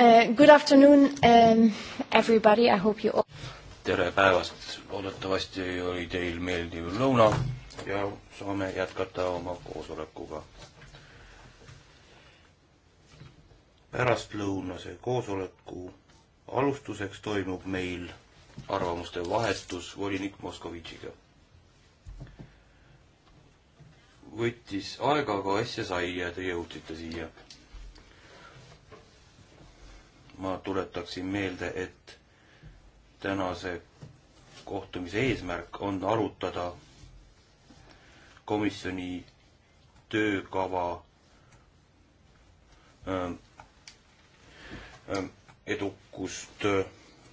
Uh, good afternoon um, everybody, I hope you all tere päevast, loodetavasti oli teil meeldiv lõuna ja saame jätkata oma koosolekuga. pärastlõunase koosoleku alustuseks toimub meil arvamuste vahetus volinik Moskovitšiga. võttis aega, aga asja sai ja te jõudsite siia ma tuletaksin meelde, et tänase kohtumise eesmärk on arutada komisjoni töökava ähm, ähm, edukust äh,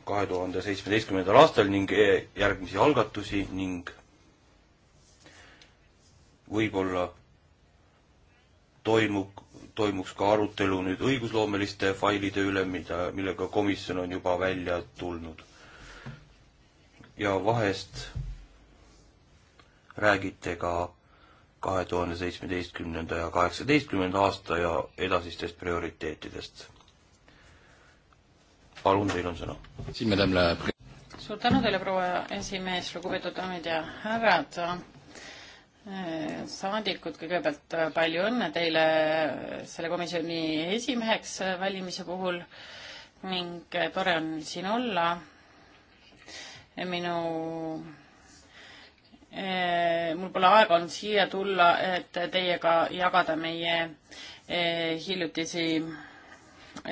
kahe tuhande seitsmeteistkümnendal aastal ning äh, järgmisi algatusi ning võib-olla toimub toimuks ka arutelu nüüd õigusloomeliste failide üle, mida, millega komisjon on juba välja tulnud. ja vahest räägite ka kahe tuhande seitsmeteistkümnenda ja kaheksateistkümnenda aasta ja edasistest prioriteetidest. palun, teil on sõna. siin me läheme suur tänu teile, proua esimees, lugupeetud daamid ja härrad saadikud, kõigepealt äh, palju õnne teile äh, selle komisjoni esimeheks äh, valimise puhul ning tore on siin olla. minu, mul pole aega olnud siia tulla, et teiega jagada meie hiljutisi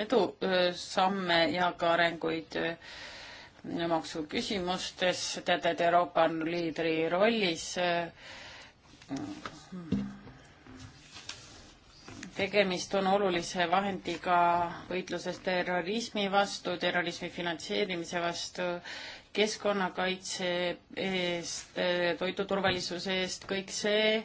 edusamme ja ka arenguid maksuküsimustes. teate, et Euroopa on liidri rollis äh, tegemist on olulise vahendiga võitluses terrorismi vastu, terrorismi finantseerimise vastu, keskkonnakaitse eest, toiduturvalisuse eest, kõik see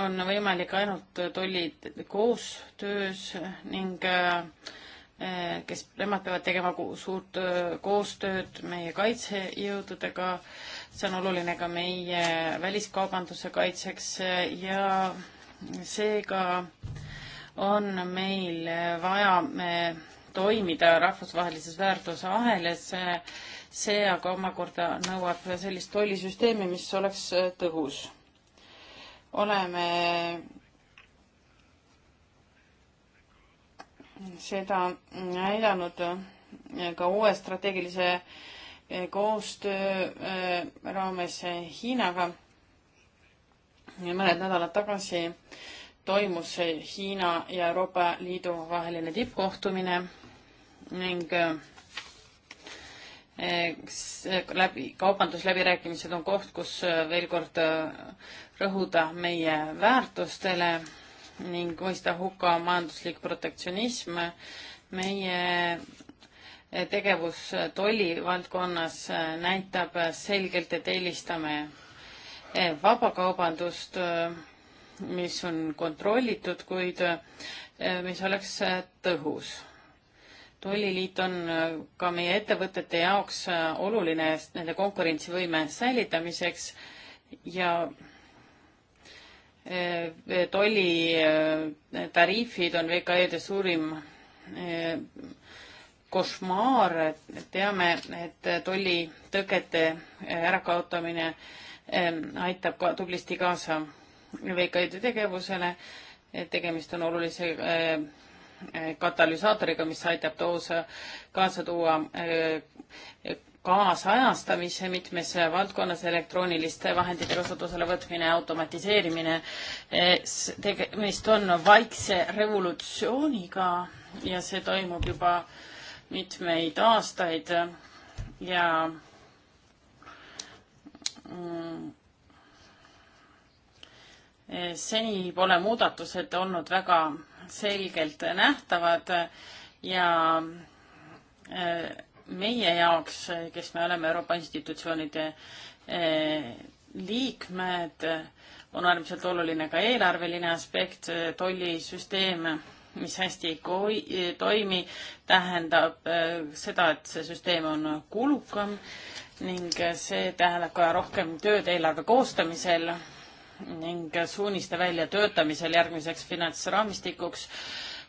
on võimalik ainult tollid koostöös ning äh, kes, nemad peavad tegema suurt äh, koostööd meie kaitsejõududega see on oluline ka meie väliskaubanduse kaitseks ja seega on meil vaja me toimida rahvusvahelises väärtusahelas. see aga omakorda nõuab sellist tollisüsteemi, mis oleks tõhus. oleme seda näidanud ka uue strateegilise äh, koostöö äh, raames Hiinaga. mõned nädalad tagasi toimus Hiina ja Euroopa Liidu vaheline tippkohtumine ning äh, äh, läbi, kaubandusläbirääkimised on koht, kus veel kord rõhuda meie väärtustele ning mõista hukka majanduslik protektsionism. meie tegevus tollivaldkonnas näitab selgelt, et eelistame vabakaubandust, mis on kontrollitud, kuid mis oleks tõhus. tolliliit on ka meie ettevõtete jaoks oluline nende konkurentsivõime säilitamiseks ja eh, tollitariifid eh, on VKE-de suurim eh, košmaar, teame, et tollitõkete ärakaotamine ehm, aitab ka tublisti kaasa VKI-de tegevusele, tegemist on olulise ehm, katalüsaatoriga, mis aitab toosa, kaasa tuua ehm, kaasajastamise mitmes valdkonnas elektrooniliste vahendite kasutusele võtmine, automatiseerimine. tegemist on vaikse revolutsiooniga ja see toimub juba mitmeid aastaid ja mm, seni pole muudatused olnud väga selgelt nähtavad ja mm, meie jaoks, kes me oleme Euroopa institutsioonide mm, liikmed, on äärmiselt oluline ka eelarveline aspekt, tollisüsteem mis hästi ei toimi, tähendab äh, seda, et see süsteem on kulukam ning see tähendab ka rohkem tööd eelarve koostamisel ning suuniste väljatöötamisel järgmiseks finantsraamistikuks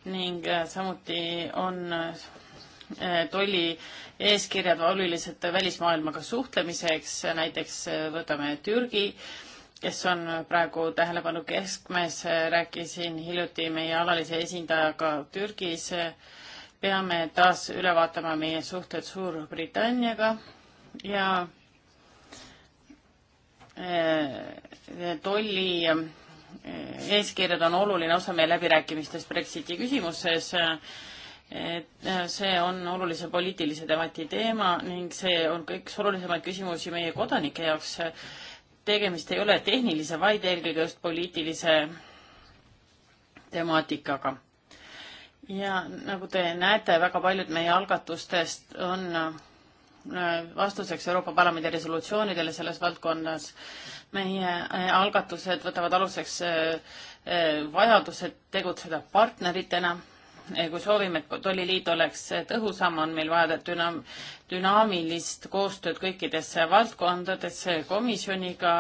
ning äh, samuti on äh, tolli eeskirjad olulised välismaailmaga suhtlemiseks, näiteks võtame Türgi äh, kes on praegu tähelepanu keskmes, rääkisin hiljuti meie alalise esindajaga Türgis. peame taas üle vaatama meie suhted Suurbritanniaga ja eh, tolli eh, eeskirjad on oluline osa meie läbirääkimistest Brexiti küsimuses. et eh, see on olulise poliitilise debati teema ning see on ka üks olulisemaid küsimusi meie kodanike jaoks tegemist ei ole tehnilise, vaid eelkõige just poliitilise temaatikaga. ja nagu te näete, väga paljud meie algatustest on äh, vastuseks Euroopa Parlamendi resolutsioonidele selles valdkonnas. meie äh, algatused võtavad aluseks äh, vajadused tegutseda partneritena Eh, kui soovime, et tolliliit oleks tõhusam, on meil vaja dünaam-, dünaamilist koostööd kõikidesse valdkondadesse komisjoniga,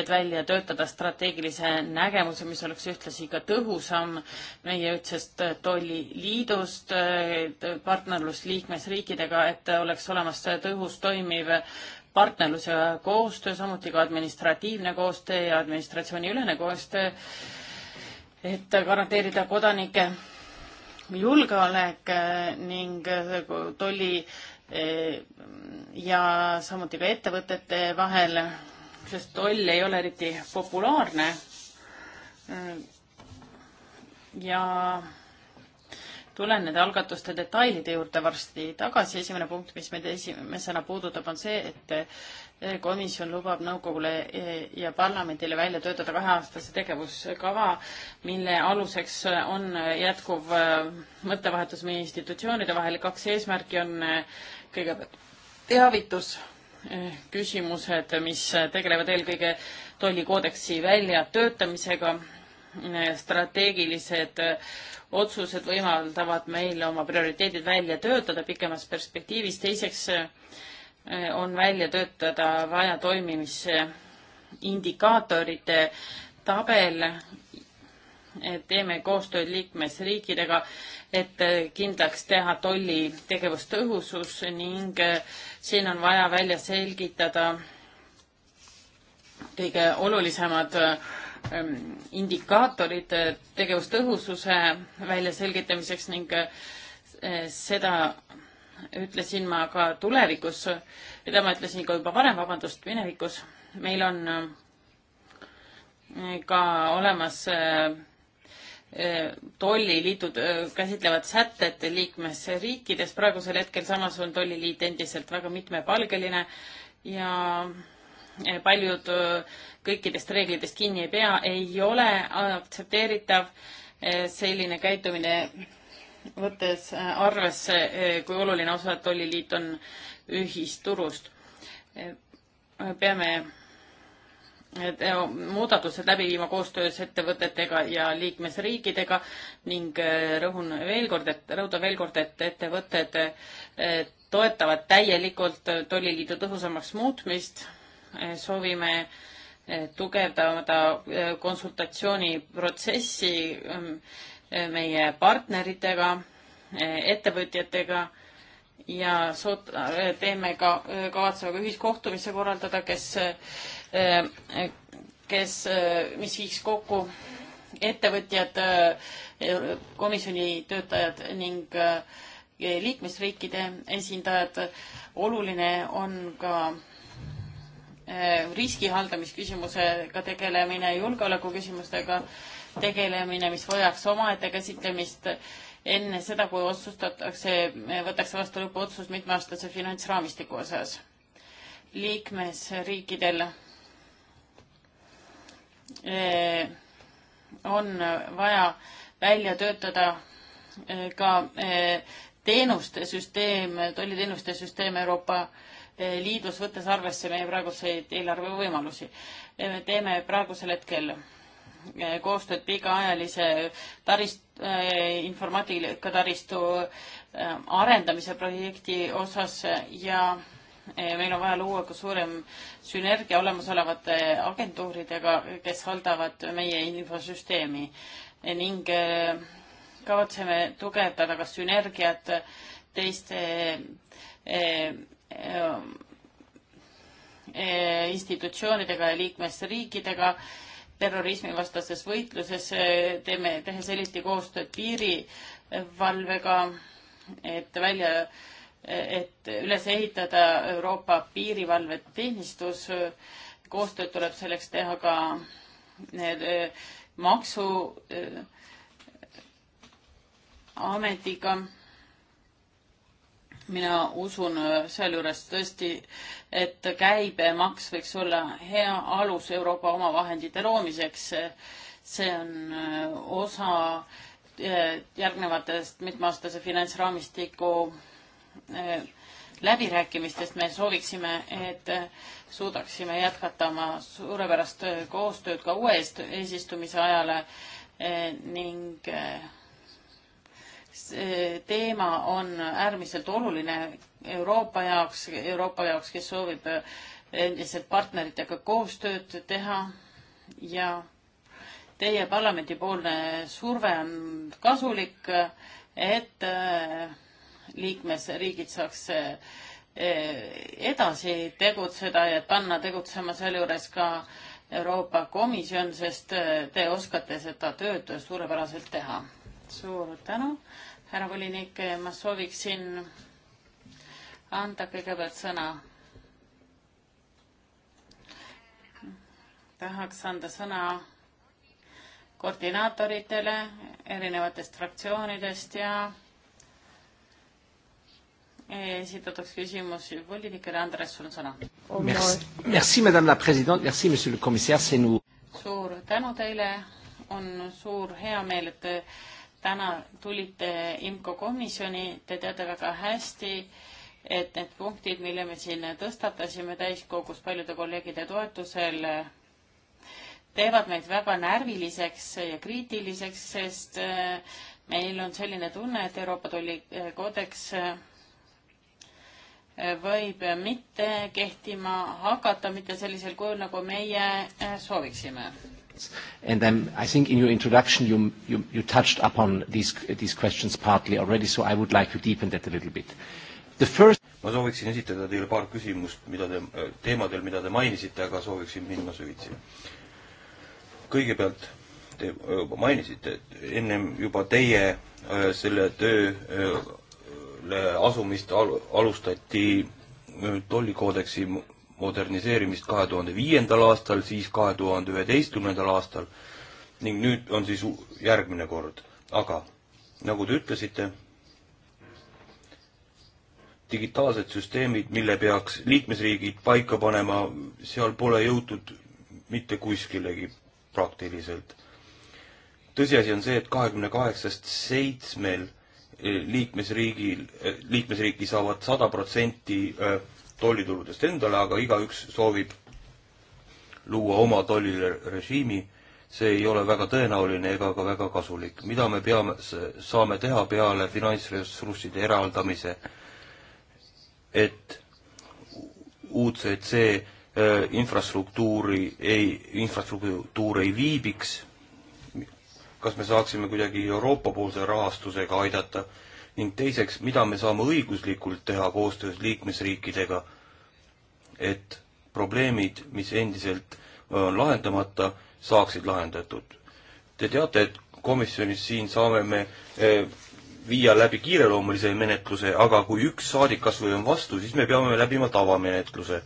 et välja töötada strateegilise nägemuse, mis oleks ühtlasi ka tõhusam meie ühtsest tolliliidust, partnerlus liikmesriikidega, et oleks olemas tõhus toimiv partnerlus ja koostöö, samuti ka administratiivne koostöö ja administratsiooniülene koostöö, et garanteerida kodanike julgeolek eh, ning eh, tolli eh, ja samuti ka ettevõtete vahel, sest toll ei ole eriti populaarne. ja tulen nende algatuste detailide juurde varsti tagasi. esimene punkt, mis meid esimesena puudutab, on see, et komisjon lubab nõukogule e, ja parlamendile välja töötada kaheaastase tegevuskava, mille aluseks on jätkuv e, mõttevahetus meie institutsioonide vahel. kaks eesmärki on e, kõigepealt teavitus, küsimused, mis tegelevad eelkõige tollikoodeksi väljatöötamisega, strateegilised otsused võimaldavad meil oma prioriteedid välja töötada pikemas perspektiivis, teiseks Eh, on välja töötada vaja toimimise indikaatorite tabel. teeme koostööd liikmesriikidega, et eh, kindlaks teha tolli tegevustõhusus ning eh, siin on vaja välja selgitada kõige olulisemad ehm, indikaatorid tegevustõhususe väljaselgitamiseks ning seda ütlesin ma ka tulevikus, mida ma ütlesin ka juba varem, vabandust, minevikus, meil on äh, ka olemas äh, äh, tolliliidud käsitlevad sätted liikmesriikides, praegusel hetkel samas on tolliliit endiselt väga mitmepalgeline ja paljud kõikidest reeglitest kinni ei pea, ei ole aktsepteeritav selline käitumine võttes äh, arvesse, äh, kui oluline osa tolliliit on ühisturust. Äh, peame muudatused läbi viima koostöös ettevõtetega ja liikmesriikidega ning rõhun veel kord, et rõhutan veel kord, et ettevõtted toetavad täielikult tolliliidu tõhusamaks muutmist. soovime tugevdada konsultatsiooniprotsessi ähm, meie partneritega, ettevõtjatega ja soot-, teeme ka, kavatseme ka ühiskohtumise korraldada, kes, kes, mis viiks kokku ettevõtjad, komisjoni töötajad ning liikmesriikide esindajad. oluline on ka riski haldamisküsimusega tegelemine, julgeolekuküsimustega tegelemine, mis vajaks omaette käsitlemist enne seda, kui otsustatakse, võetakse vastu lõpuotsus mitmeaastase finantsraamistiku osas. liikmesriikidel eh, on vaja välja töötada eh, ka eh, teenuste süsteem, tolliteenuste süsteem Euroopa Liidus, võttes arvesse meie praeguseid eelarvevõimalusi. me teeme praegusel hetkel Äh, koostööd pikaajalise tarist- eh,, informaatika taristu eh, arendamise projekti osas ja eh, meil on vaja luua ka suurem sünergia olemasolevate agentuuridega, kes haldavad meie infosüsteemi ning kavatseme tugevdada ka sünergiat teiste institutsioonidega ja liikmesriikidega terrorismivastases võitluses, eh, teeme, tehes eriti koostööd piirivalvega, et välja, eh, et üles ehitada Euroopa piirivalveteenistus. koostööd tuleb selleks teha ka eh, maksuametiga mina usun äh, sealjuures tõesti, et käibemaks võiks olla hea alus Euroopa omavahendite loomiseks. see on äh, osa äh, järgnevatest mitmeaastase finantsraamistiku läbirääkimistest me sooviksime, et suudaksime jätkata oma suurepärast koostööd ka uue eesistumise ajale ning see teema on äärmiselt oluline Euroopa jaoks, Euroopa jaoks, kes soovib endiselt partneritega koostööd teha ja teie parlamendipoolne surve on kasulik, et äh, liikmesriigid saaks äh, edasi tegutseda ja panna tegutsema sealjuures ka Euroopa Komisjon, sest äh, te oskate seda tööd suurepäraselt teha suur tänu, härra volinik, ma sooviksin anda kõigepealt sõna. tahaks anda sõna koordinaatoritele erinevatest fraktsioonidest ja esitatuks küsimusi volinikele. Andres, sul on sõna. Merci, madame la president, merci, monsieur le commissaire, see nous. suur tänu teile, on suur heameel, et täna tulite IMCO komisjoni, te teate väga hästi, et need punktid, mille me siin tõstatasime täiskogus paljude kolleegide toetusel, teevad meid väga närviliseks ja kriitiliseks, sest äh, meil on selline tunne, et Euroopa tollikoodeks äh, võib mitte kehtima hakata, mitte sellisel kujul, nagu meie äh, sooviksime And um, I think in your introduction, you, you, you touched upon these, these questions partly already, so I would like to deepen that a little bit. The first ma sooviksin esitada teile paar küsimust, mida te, äh, teemadel, mida te mainisite, aga sooviksin minna süvitsi. kõigepealt te äh, mainisite, et ennem juba teie äh, selle tööle asumist al-, alustati tollikoodeksi moderniseerimist kahe tuhande viiendal aastal, siis kahe tuhande üheteistkümnendal aastal ning nüüd on siis järgmine kord. aga nagu te ütlesite, digitaalsed süsteemid, mille peaks liikmesriigid paika panema, seal pole jõutud mitte kuskilegi praktiliselt. tõsiasi on see, et kahekümne kaheksast seitsmel liikmesriigil, liikmesriiki saavad sada protsenti äh, tollituludest endale, aga igaüks soovib luua oma tollirežiimi, see ei ole väga tõenäoline ega ka väga kasulik. mida me peame, saame teha peale finantsressursside eraldamise, et UCC äh, infrastruktuuri ei, infrastruktuur ei viibiks, kas me saaksime kuidagi Euroopa-poolse rahastusega aidata ning teiseks, mida me saame õiguslikult teha koostöös liikmesriikidega, et probleemid, mis endiselt äh, on lahendamata, saaksid lahendatud. Te teate, et komisjonis siin saame me äh, viia läbi kiireloomulise menetluse, aga kui üks saadik kas või on vastu, siis me peame läbima tavamenetluse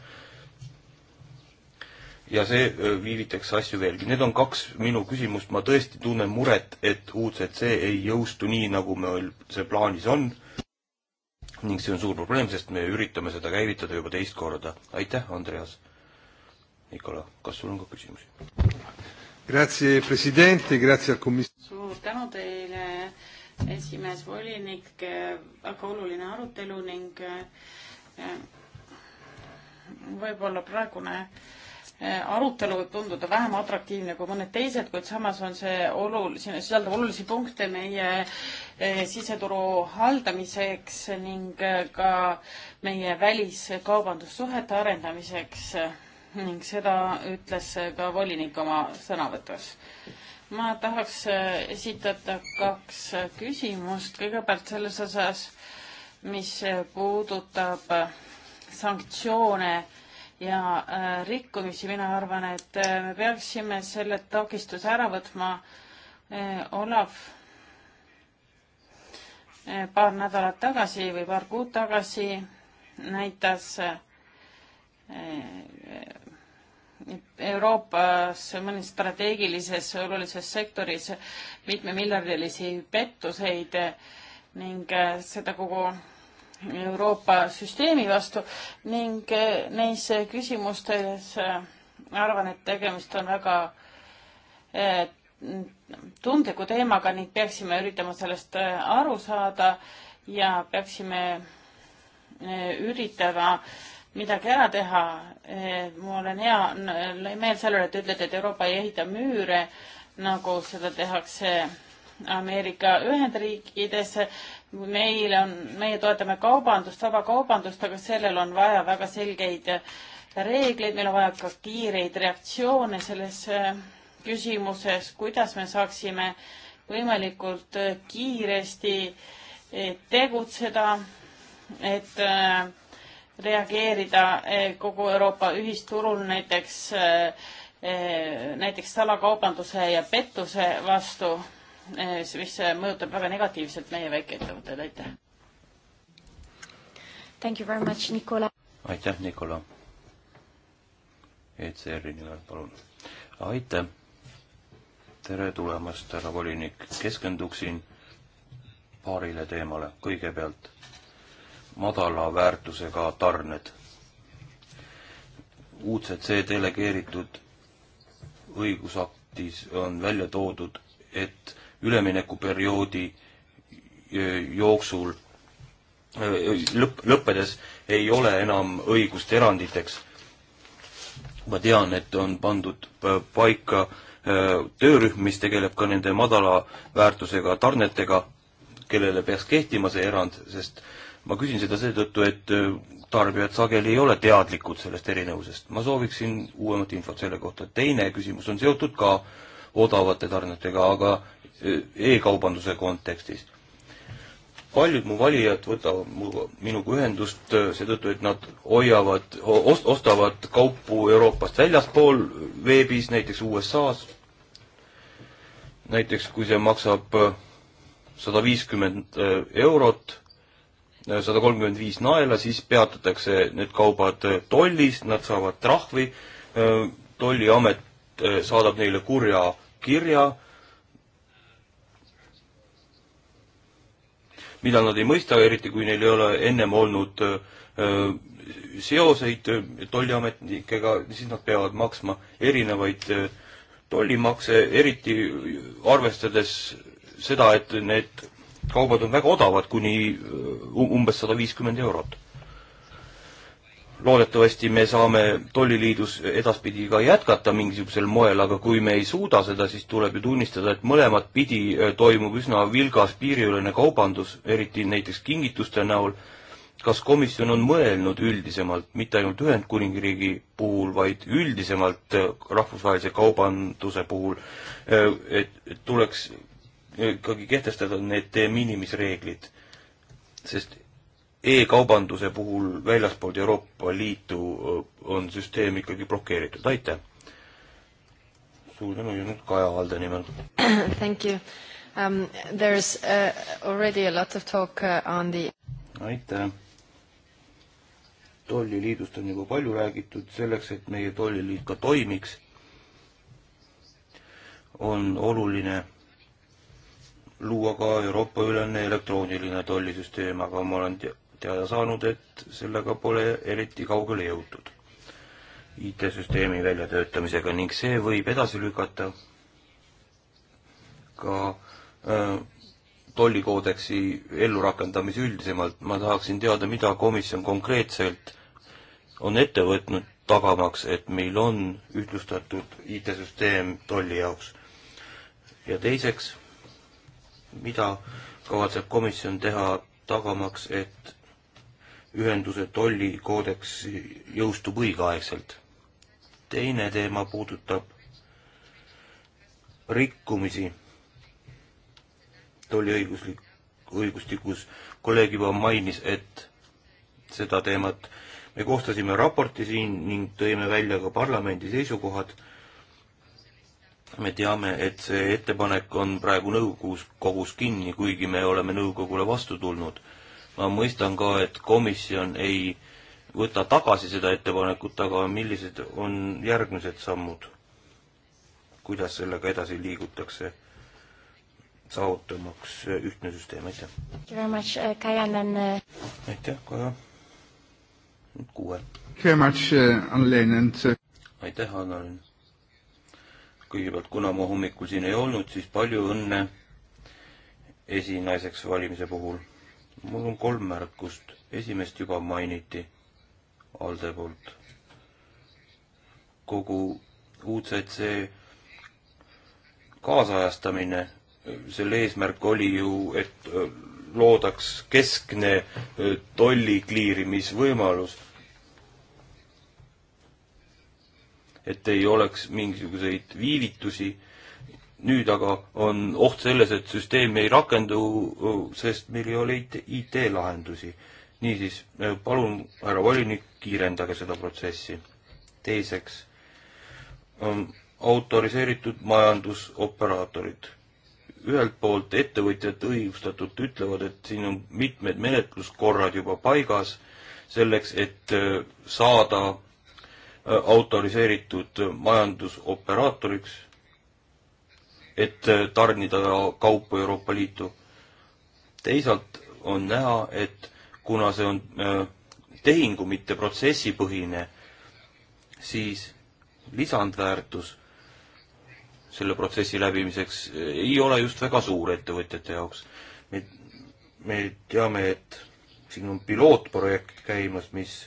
ja see viivitaks asju veelgi. Need on kaks minu küsimust, ma tõesti tunnen muret, et UCC ei jõustu nii, nagu meil see plaanis on. ning see on suur probleem, sest me üritame seda käivitada juba teist korda. aitäh, Andreas. Nikola, kas sul on ka küsimusi? Grazie presidente, grazie al commis-. suur tänu teile, esimees volinik, väga oluline arutelu ning äh, võib-olla praegune äh, Eh, arutelu võib tunduda vähem atraktiivne kui mõned teised, kuid samas on see oluline, sisaldab olulisi punkte meie eh, siseturu haldamiseks ning eh, ka meie väliskaubandussuhete arendamiseks ning seda ütles ka volinik oma sõnavõtus. ma tahaks esitada kaks küsimust, kõigepealt selles osas, mis puudutab sanktsioone ja äh, rikkumisi, mina arvan, et äh, me peaksime selle takistuse ära võtma. Äh, Olav paar nädalat tagasi või paar kuud tagasi näitas Euroopas mõnes strateegilises olulises sektoris mitmemiljardilisi pettuseid ning seda kogu Euroopa süsteemi vastu ning eh, neis eh, küsimustes eh, arvan, et tegemist on väga tundliku teemaga ning peaksime üritama sellest aru saada ja peaksime üritama midagi ära teha. mul on hea meel selle üle, et te ütlete, et Euroopa ei ehita müüre, nagu seda tehakse Ameerika Ühendriikides meil on, meie toetame kaubandust, vaba kaubandust, aga sellel on vaja väga selgeid reegleid, meil on vaja ka kiireid reaktsioone selles äh, küsimuses, kuidas me saaksime võimalikult äh, kiiresti äh, tegutseda, et reageerida kogu Euroopa ühisturul näiteks, näiteks salakaubanduse ja pettuse vastu Eh, mis mõjutab väga negatiivselt meie väikeettevõtteid, aitäh. Thank you very much, Nicola. aitäh, Nicola. ECR-i nimel, palun. aitäh. tere tulemast, härra volinik. keskenduksin paarile teemale. kõigepealt madala väärtusega tarned. UCC delegeeritud õigusaktis on välja toodud, et üleminekuperioodi jooksul lõpp, lõppedes ei ole enam õigust eranditeks. ma tean, et on pandud paika töörühm, mis tegeleb ka nende madala väärtusega tarnetega, kellele peaks kehtima see erand, sest ma küsin seda seetõttu, et tarbijad sageli ei ole teadlikud sellest erinevusest. ma sooviksin uuemat infot selle kohta. teine küsimus on seotud ka odavate tarnetega, aga e-kaubanduse kontekstis. paljud mu valijad võtavad mu, minuga ühendust äh, seetõttu, et nad hoiavad, ost-, ostavad kaupu Euroopast väljaspool veebis, näiteks USA-s, näiteks kui see maksab äh, sada viiskümmend äh, eurot, sada kolmkümmend viis naela, siis peatatakse need kaubad tollis, nad saavad trahvi, tolliamet saadab neile kurja kirja mida nad ei mõista, eriti kui neil ei ole ennem olnud äh, seoseid äh, tolliametnikega, siis nad peavad maksma erinevaid äh, tollimakse, eriti arvestades seda, et need kaubad on väga odavad, kuni umbes sada viiskümmend eurot loodetavasti me saame tolliliidus edaspidi ka jätkata mingisugusel moel, aga kui me ei suuda seda, siis tuleb ju tunnistada, et mõlemat pidi äh, toimub üsna vilgas piiriülene kaubandus, eriti näiteks kingituste näol. kas komisjon on mõelnud üldisemalt, mitte ainult Ühendkuningriigi puhul, vaid üldisemalt äh, rahvusvahelise kaubanduse puhul, äh, et tuleks ikkagi kehtestada need de minimis reeglid? sest e-kaubanduse puhul väljaspoolt Euroopa Liitu on süsteem ikkagi blokeeritud, aitäh! suur tänu ja nüüd Kaja Valde nimel. Thank you um,. There is uh, already a lot of talk uh, on the aitäh! tolliliidust on juba palju räägitud, selleks, et meie tolliliit ka toimiks, on oluline luua ka Euroopa-ülene elektrooniline tollisüsteem, aga ma olen te teada saanud, et sellega pole eriti kaugele jõutud IT-süsteemi väljatöötamisega ning see võib edasi lükata ka äh, tollikoodeksi ellurakendamise üldisemalt. ma tahaksin teada, mida komisjon konkreetselt on ette võtnud, tagamaks, et meil on ühtlustatud IT-süsteem tolli jaoks. ja teiseks, mida kavatseb komisjon teha tagamaks, et ühenduse tollikoodeks jõustub õigeaegselt. teine teema puudutab rikkumisi tolliõiguslik, õigustikus. kolleeg juba mainis, et seda teemat me koostasime raporti siin ning tõime välja ka parlamendi seisukohad. me teame, et see ettepanek on praegu nõukogus kogus kinni, kuigi me oleme nõukogule vastu tulnud ma mõistan ka, et komisjon ei võta tagasi seda ettepanekut, aga millised on järgmised sammud? kuidas sellega edasi liigutakse, saavutamaks ühtne süsteem, aitäh! Uh, uh, aitäh, Kaja! nüüd kuue. Uh, aitäh, Annalyn! kõigepealt, kuna ma hommikul siin ei olnud, siis palju õnne esinaiseks valimise puhul mul on kolm märkust, esimest juba mainiti Alde poolt. kogu UCC kaasajastamine, selle eesmärk oli ju, et loodaks keskne tolli kliirimisvõimalus. et ei oleks mingisuguseid viivitusi nüüd aga on oht selles, et süsteem ei rakendu, sest meil ei ole IT-lahendusi. niisiis, äh, palun, härra volinik, kiirendage seda protsessi. teiseks, ähm, autoriseeritud majandusoperaatorid. ühelt poolt ettevõtjad õigustatult ütlevad, et siin on mitmed menetluskorrad juba paigas selleks, et äh, saada äh, autoriseeritud majandusoperaatoriks et äh, tarnida kaupu Euroopa Liitu. teisalt on näha, et kuna see on äh, tehingu, mitte protsessipõhine, siis lisandväärtus selle protsessi läbimiseks äh, ei ole just väga suur ettevõtjate jaoks. me, me teame, et siin on pilootprojekt käimas, mis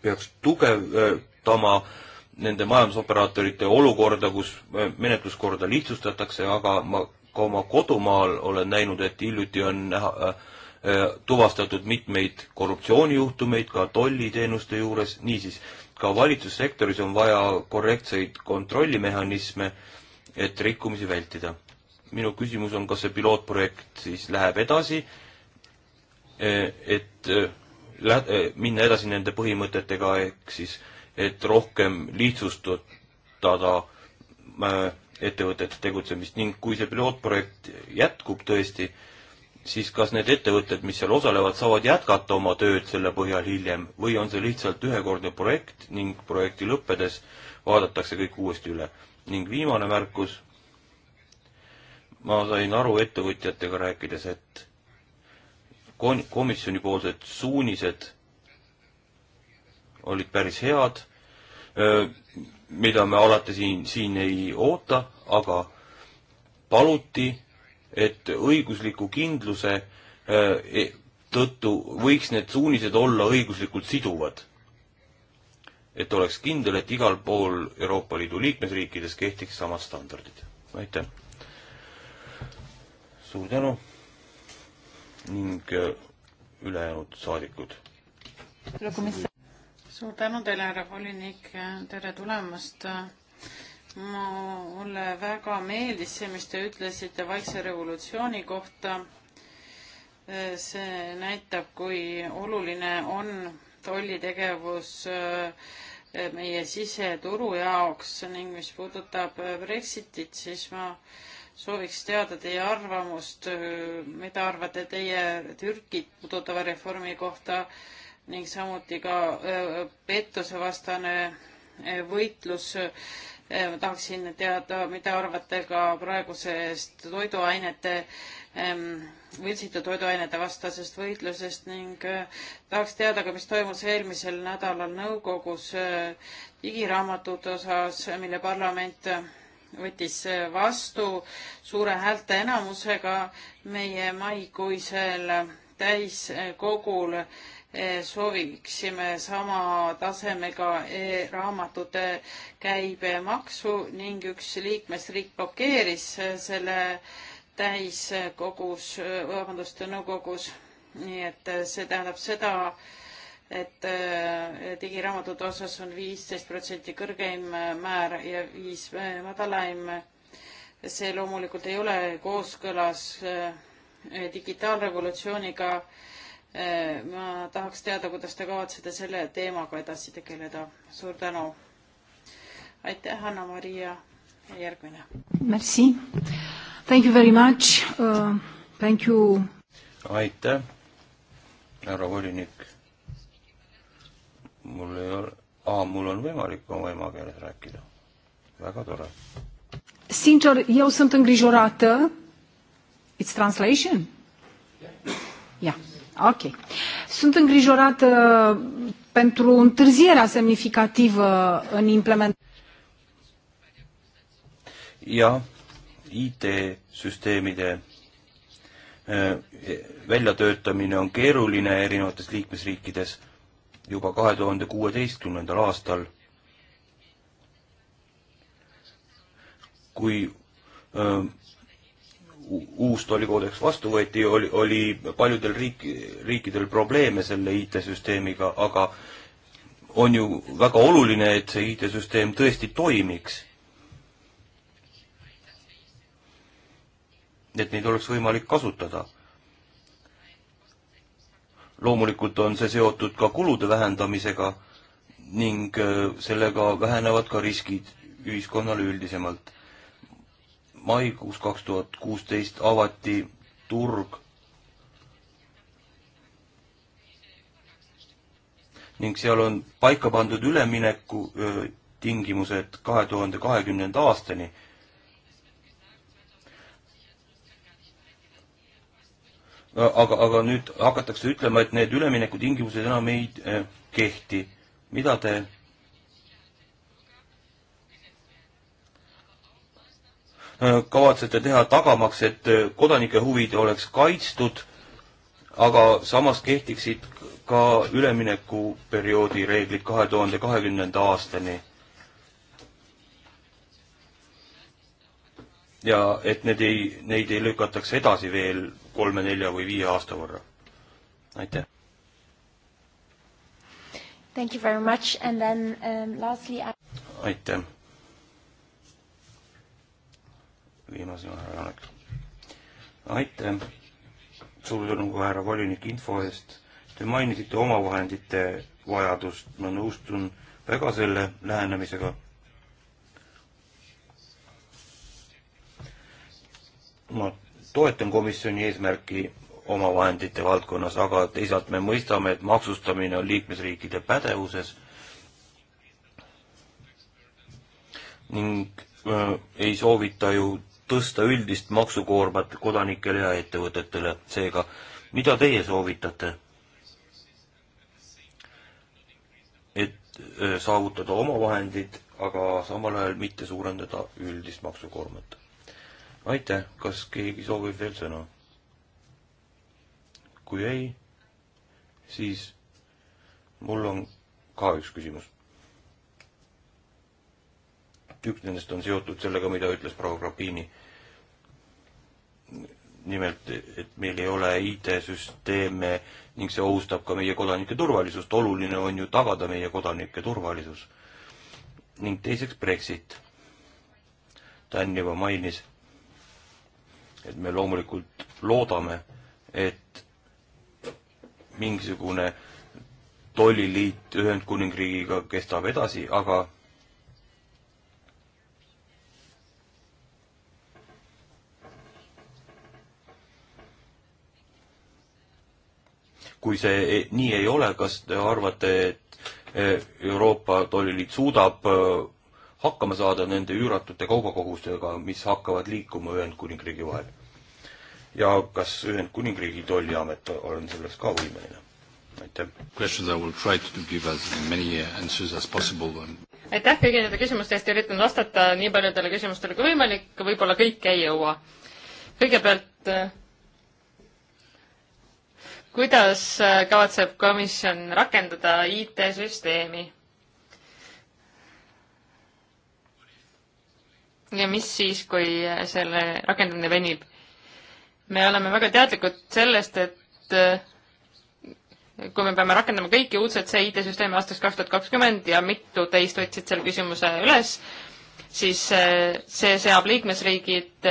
peaks tugevdama äh, nende majandusoperaatorite olukorda, kus äh, menetluskorda lihtsustatakse, aga ma ka oma kodumaal olen näinud, et hiljuti on näha, äh, äh, tuvastatud mitmeid korruptsioonijuhtumeid ka tolliteenuste juures, niisiis ka valitsussektoris on vaja korrektseid kontrollimehhanisme, et rikkumisi vältida. minu küsimus on, kas see pilootprojekt siis läheb edasi, et minna edasi nende põhimõtetega, ehk siis äh, et rohkem lihtsustada äh, ettevõtete tegutsemist ning kui see pilootprojekt jätkub tõesti, siis kas need ettevõtted, mis seal osalevad, saavad jätkata oma tööd selle põhjal hiljem või on see lihtsalt ühekordne projekt ning projekti lõppedes vaadatakse kõik uuesti üle. ning viimane märkus, ma sain aru ettevõtjatega rääkides, et kon-, komisjonipoolsed suunised olid päris head, mida me alati siin, siin ei oota, aga paluti, et õigusliku kindluse e, tõttu võiks need suunised olla õiguslikult siduvad. et oleks kindel, et igal pool Euroopa Liidu liikmesriikides kehtiks samad standardid. aitäh! suur tänu ning ülejäänud saadikud suur tänu teile, härra volinik, tere tulemast. mulle väga meeldis see, mis te ütlesite Vaikse revolutsiooni kohta. see näitab, kui oluline on tollitegevus eh, meie siseturu jaoks ning mis puudutab eh, Brexitit, siis ma sooviks teada teie arvamust, eh, mida arvate teie Türgit puudutava reformi kohta ning samuti ka pettusevastane võitlus. tahaksin teada, mida arvate ka praegusest toiduainete, ehm, võltsitud toiduainete vastasest võitlusest ning tahaks teada ka, mis toimus eelmisel nädalal nõukogus digiraamatute osas, mille parlament võttis vastu suure häälteenamusega meie maikuisel täiskogul äh, sooviksime sama tasemega e raamatute käibemaksu ning üks liikmesriik blokeeris selle täiskogus, vabandust, nõukogus. nii et see tähendab seda, et e, digiraamatute osas on viisteist protsenti kõrgeim määr ja viis madalaim. see loomulikult ei ole kooskõlas e, digitaalrevolutsiooniga Eh, ma tahaks teada, kuidas te kavatsete selle teemaga edasi tegeleda. suur tänu. aitäh, Anna-Maria. järgmine. Merci. Thank you very much uh,. Thank you. aitäh, härra volinik. mul ei ole, aa, mul on võimalik oma emakeeles rääkida. väga tore. Sincer, eu sunt îngrijorată. It's translation? Yeah. Ok. Sunt îngrijorată uh, pentru întârzierea semnificativă în implementare. Ja IT-süsteemide uh, väljatöötamine on keeruline erinevates liikmesriikides. juba kahe tuhande kuueteistkümnendal aastal, kui öö, uh, uus tollikoodeks vastu võeti, oli, oli paljudel riik, riikidel probleeme selle IT-süsteemiga, aga on ju väga oluline, et see IT-süsteem tõesti toimiks. et neid oleks võimalik kasutada. loomulikult on see seotud ka kulude vähendamisega ning äh, sellega vähenevad ka riskid ühiskonnale üldisemalt maikuus kaks tuhat kuusteist avati turg ning seal on paika pandud ülemineku öö, tingimused kahe tuhande kahekümnenda aastani. aga, aga nüüd hakatakse ütlema, et need üleminekutingimused enam ei öö, kehti. mida te Äh, kavatsete teha tagamaks, et äh, kodanike huvid oleks kaitstud, aga samas kehtiksid ka üleminekuperioodi reeglid kahe tuhande kahekümnenda aastani. ja et need ei, neid ei lükataks edasi veel kolme, nelja või viie aasta võrra. aitäh. Thank you very much and then um, lastly I... aitäh viimasena härra Janek. aitäh, suur tänu ka härra volinik info eest. Te mainisite omavahendite vajadust, ma nõustun väga selle lähenemisega. ma toetan komisjoni eesmärki omavahendite valdkonnas, aga teisalt me mõistame, et maksustamine on liikmesriikide pädevuses ning äh, ei soovita ju tõsta üldist maksukoormat kodanikele ja ettevõtetele. seega, mida teie soovitate? et saavutada omavahendid, aga samal ajal mitte suurendada üldist maksukoormat. aitäh, kas keegi soovib veel sõna? kui ei, siis mul on ka üks küsimus üks nendest on seotud sellega, mida ütles proua Grabini. nimelt, et meil ei ole IT-süsteeme ning see ohustab ka meie kodanike turvalisust, oluline on ju tagada meie kodanike turvalisus. ning teiseks Brexit. Dan juba mainis, et me loomulikult loodame, et mingisugune tolliliit Ühendkuningriigiga kestab edasi, aga kui see e-, nii ei ole, kas te arvate, et e, Euroopa Tolliliit suudab e, hakkama saada nende üüratute kaubakogustega, mis hakkavad liikuma Ühendkuningriigi vahel? ja kas Ühendkuningriigi tolliamet on selleks ka võimeline? aitäh. aitäh kõigi nende küsimuste eest ja üritan vastata nii paljudele küsimustele kui võimalik, võib-olla kõike ei jõua. kõigepealt kuidas äh, kavatseb komisjon rakendada IT-süsteemi? ja mis siis, kui selle rakendamine venib? me oleme väga teadlikud sellest, et äh, kui me peame rakendama kõiki uudseid see IT-süsteeme aastaks kaks tuhat kakskümmend ja mitu teist võtsid selle küsimuse üles, siis äh, see seab liikmesriigid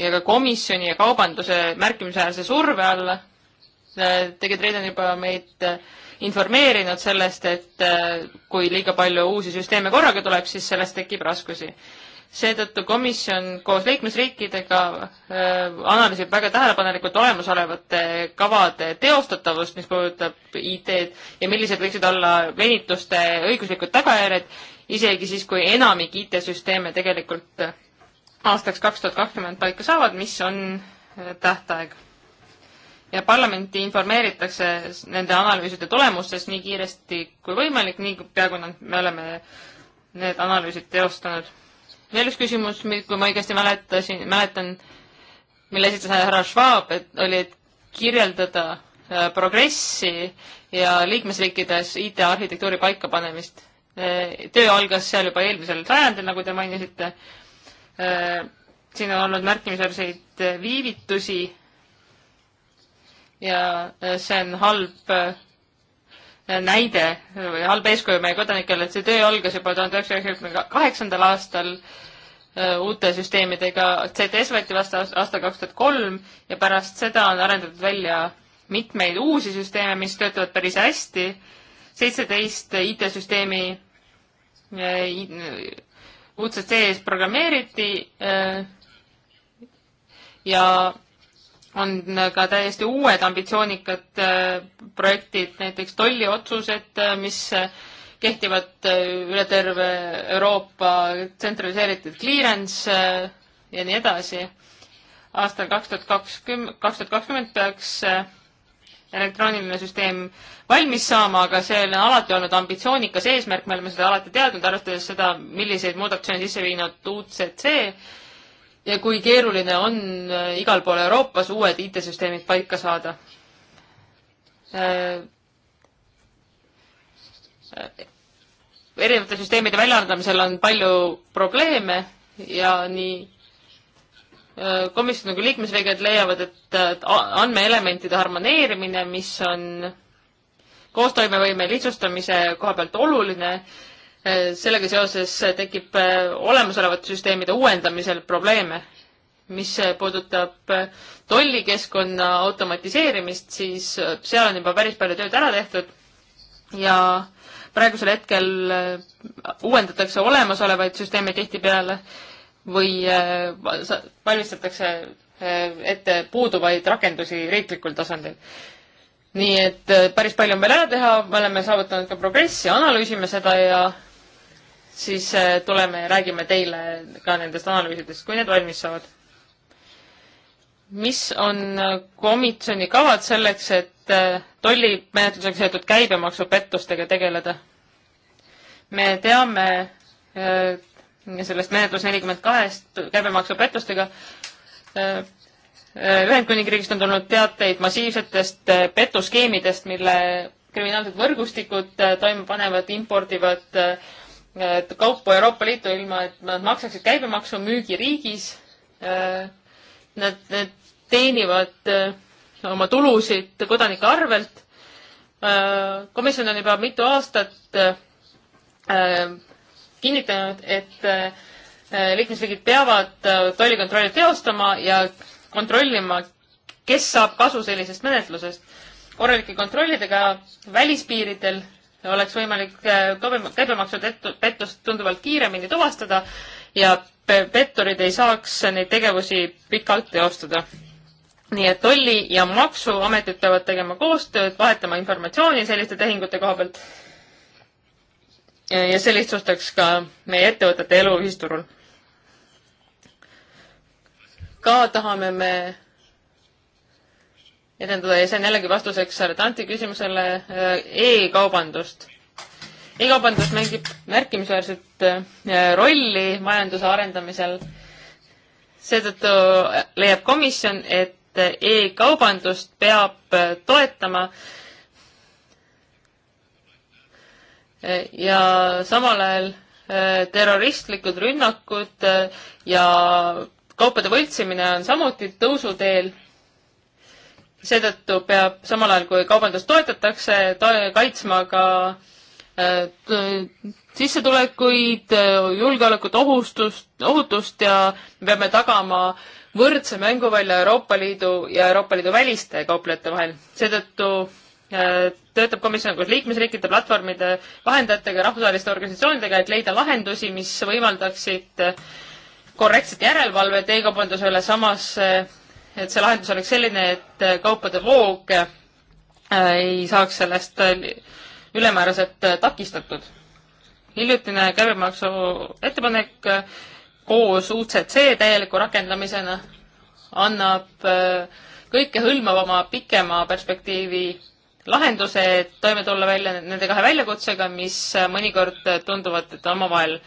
ja ka komisjoni ja kaubanduse märkimisväärse surve alla Äh, tegid reedel juba meid äh, informeerinud sellest, et äh, kui liiga palju uusi süsteeme korraga tuleb, siis sellest tekib raskusi. seetõttu komisjon koos liikmesriikidega analüüsib väga tähelepanelikult olemasolevate kavade teostatavust, mis puudutab IT-d ja millised võiksid olla venituste õiguslikud tagajärjed, isegi siis, kui enamik IT-süsteeme tegelikult aastaks kaks tuhat kakskümmend paika saavad, mis on tähtaeg ja parlamenti informeeritakse nende analüüside tulemustest nii kiiresti kui võimalik, niipea kui nad, me oleme need analüüsid teostanud. veel üks küsimus, kui ma õigesti mäletasin, mäletan, mille esitas härra Schwab, et oli, et kirjeldada äh, progressi ja liikmesriikides IT-arhitektuuri paikapanemist. Äh, töö algas seal juba eelmisel sajandil, nagu te mainisite. Äh, siin on olnud märkimisväärseid viivitusi ja e, see on halb e, näide või halb eeskuju meie kodanikele, et see töö algas juba tuhande üheksasaja üheksakümne kaheksandal aastal e, uute süsteemidega, CTS võeti vastu aasta kaks tuhat kolm ja pärast seda on arendatud välja mitmeid uusi süsteeme, mis töötavad päris hästi, seitseteist IT-süsteemi UCC-s programmeeriti ja on ka täiesti uued ambitsioonikad äh, projektid, näiteks tolliotsused, äh, mis äh, kehtivad üle terve Euroopa, tsentraliseeritud clearance ja nii edasi. aastal kaks tuhat kakskümmend, kaks tuhat kakskümmend peaks elektrooniline süsteem valmis saama, aga see on alati olnud ambitsioonikas eesmärk, me oleme seda alati teadnud, arvestades seda, milliseid muudatusi on sisse viinud UCC ja kui keeruline on äh, igal pool Euroopas uued IT-süsteemid paika saada. Äh, äh, erinevate süsteemide väljaarendamisel on palju probleeme ja nii komisjoni kui liikmesriigid leiavad, et andmeelementide harmoneerimine, mis on koostoimevõime lihtsustamise koha pealt oluline, sellega seoses tekib äh, olemasolevate süsteemide uuendamisel probleeme. mis äh, puudutab äh, tollikeskkonna automatiseerimist, siis seal on juba päris palju tööd ära tehtud ja praegusel hetkel uuendatakse olemasolevaid süsteeme tihtipeale või valmistatakse ette puuduvaid rakendusi riiklikul tasandil. nii et päris palju on veel ära teha, me oleme saavutanud ka progressi, analüüsime seda ja siis äh, tuleme ja räägime teile ka nendest analüüsidest, kui need valmis saavad. mis on äh, komisjoni kavad selleks, et äh, tollimenetlusega seotud käibemaksupettustega tegeleda? me teame sellest menetlus nelikümmend kahest käibemaksupettustega. Ühendkuningriigist on tulnud teateid massiivsetest petuskeemidest, mille kriminaalsed võrgustikud toime panevad, impordivad äh, kaupu Euroopa Liitu ilma, et nad maksaksid käibemaksu müügiriigis. Äh, nad, need teenivad äh, oma tulusid kodanike arvelt. Äh, komisjon on juba mitu aastat kinnitanud, et liikmesriigid peavad tollikontrolli teostama ja kontrollima, kes saab kasu sellisest menetlusest. korralike kontrollidega välispiiridel oleks võimalik äh, käibemaksupettust tunduvalt kiiremini tuvastada ja petturid ei saaks neid tegevusi pikalt teostada. nii et tolli- ja maksuametid peavad tegema koostööd, vahetama informatsiooni selliste tehingute koha pealt. ja see lihtsustaks ka meie ettevõtete elu ühisturul. ka tahame me edendada ja see on jällegi vastuseks Tanti küsimusele äh, e-kaubandust e. e-kaubandus mängib märkimisväärset äh, rolli majanduse arendamisel. seetõttu äh, leiab komisjon, et e-kaubandust peab toetama ja samal ajal terroristlikud rünnakud ja kaupade võltsimine on samuti tõusuteel seetõttu peab samal ajal, kui kaubandust toetatakse, kaitsma ka äh, sissetulekuid, äh, julgeolekut, ohustust, ohutust ja me peame tagama võrdse mänguvälja Euroopa Liidu ja Euroopa Liidu väliste kauplejate vahel. seetõttu äh, töötab komisjon koos liikmesriikide, platvormide, vahendajatega, rahvusvaheliste organisatsioonidega, et leida lahendusi, mis võimaldaksid korrektset järelevalvet e-kaubanduse üle, samas et see lahendus oleks selline, et äh, kaupade voog äh, ei saaks sellest äh, ülemääraselt takistatud. hiljutine käibemaksu ettepanek koos UCC täieliku rakendamisena annab kõikehõlmavama pikema perspektiivi lahenduse, et toime tulla välja nende kahe väljakutsega, mis mõnikord tunduvad, et omavahel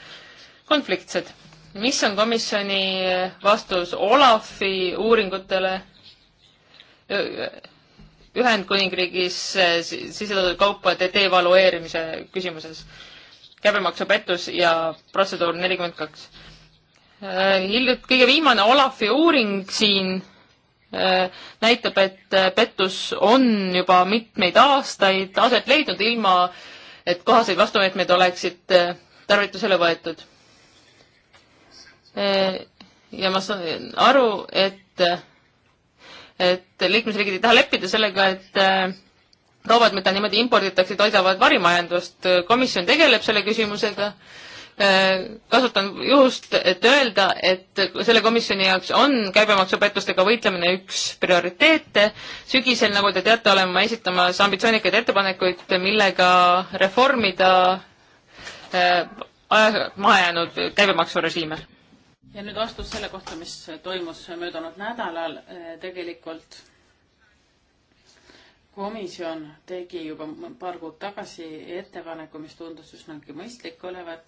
konfliktsed mis on komisjoni vastus Olafi uuringutele Ühendkuningriigis eh, sisestatud kaupade devalueerimise küsimuses? käibemaksupettus ja protseduur nelikümmend kaks. Eh, Hiljut-, kõige viimane Olafi uuring siin eh, näitab, et pettus on juba mitmeid aastaid aset leidnud, ilma et kohaseid vastumeetmeid oleksid tarvitusele võetud ja ma saan aru, et, et liikmesriigid ei taha leppida sellega, et kaubad, äh, mida niimoodi imporditakse, toidavad varimajandust. komisjon tegeleb selle küsimusega. Äh, kasutan juhust, et öelda, et selle komisjoni jaoks on käibemaksupettustega võitlemine üks prioriteete. sügisel, nagu te teate, oleme ma esitamas ambitsioonikaid ettepanekuid, millega reformida maha äh, jäänud käibemaksurežiime ja nüüd vastus selle kohta, mis toimus möödunud nädalal, äh, tegelikult komisjon tegi juba paar kuud tagasi ettepaneku, mis tundus üsnagi mõistlik olevat,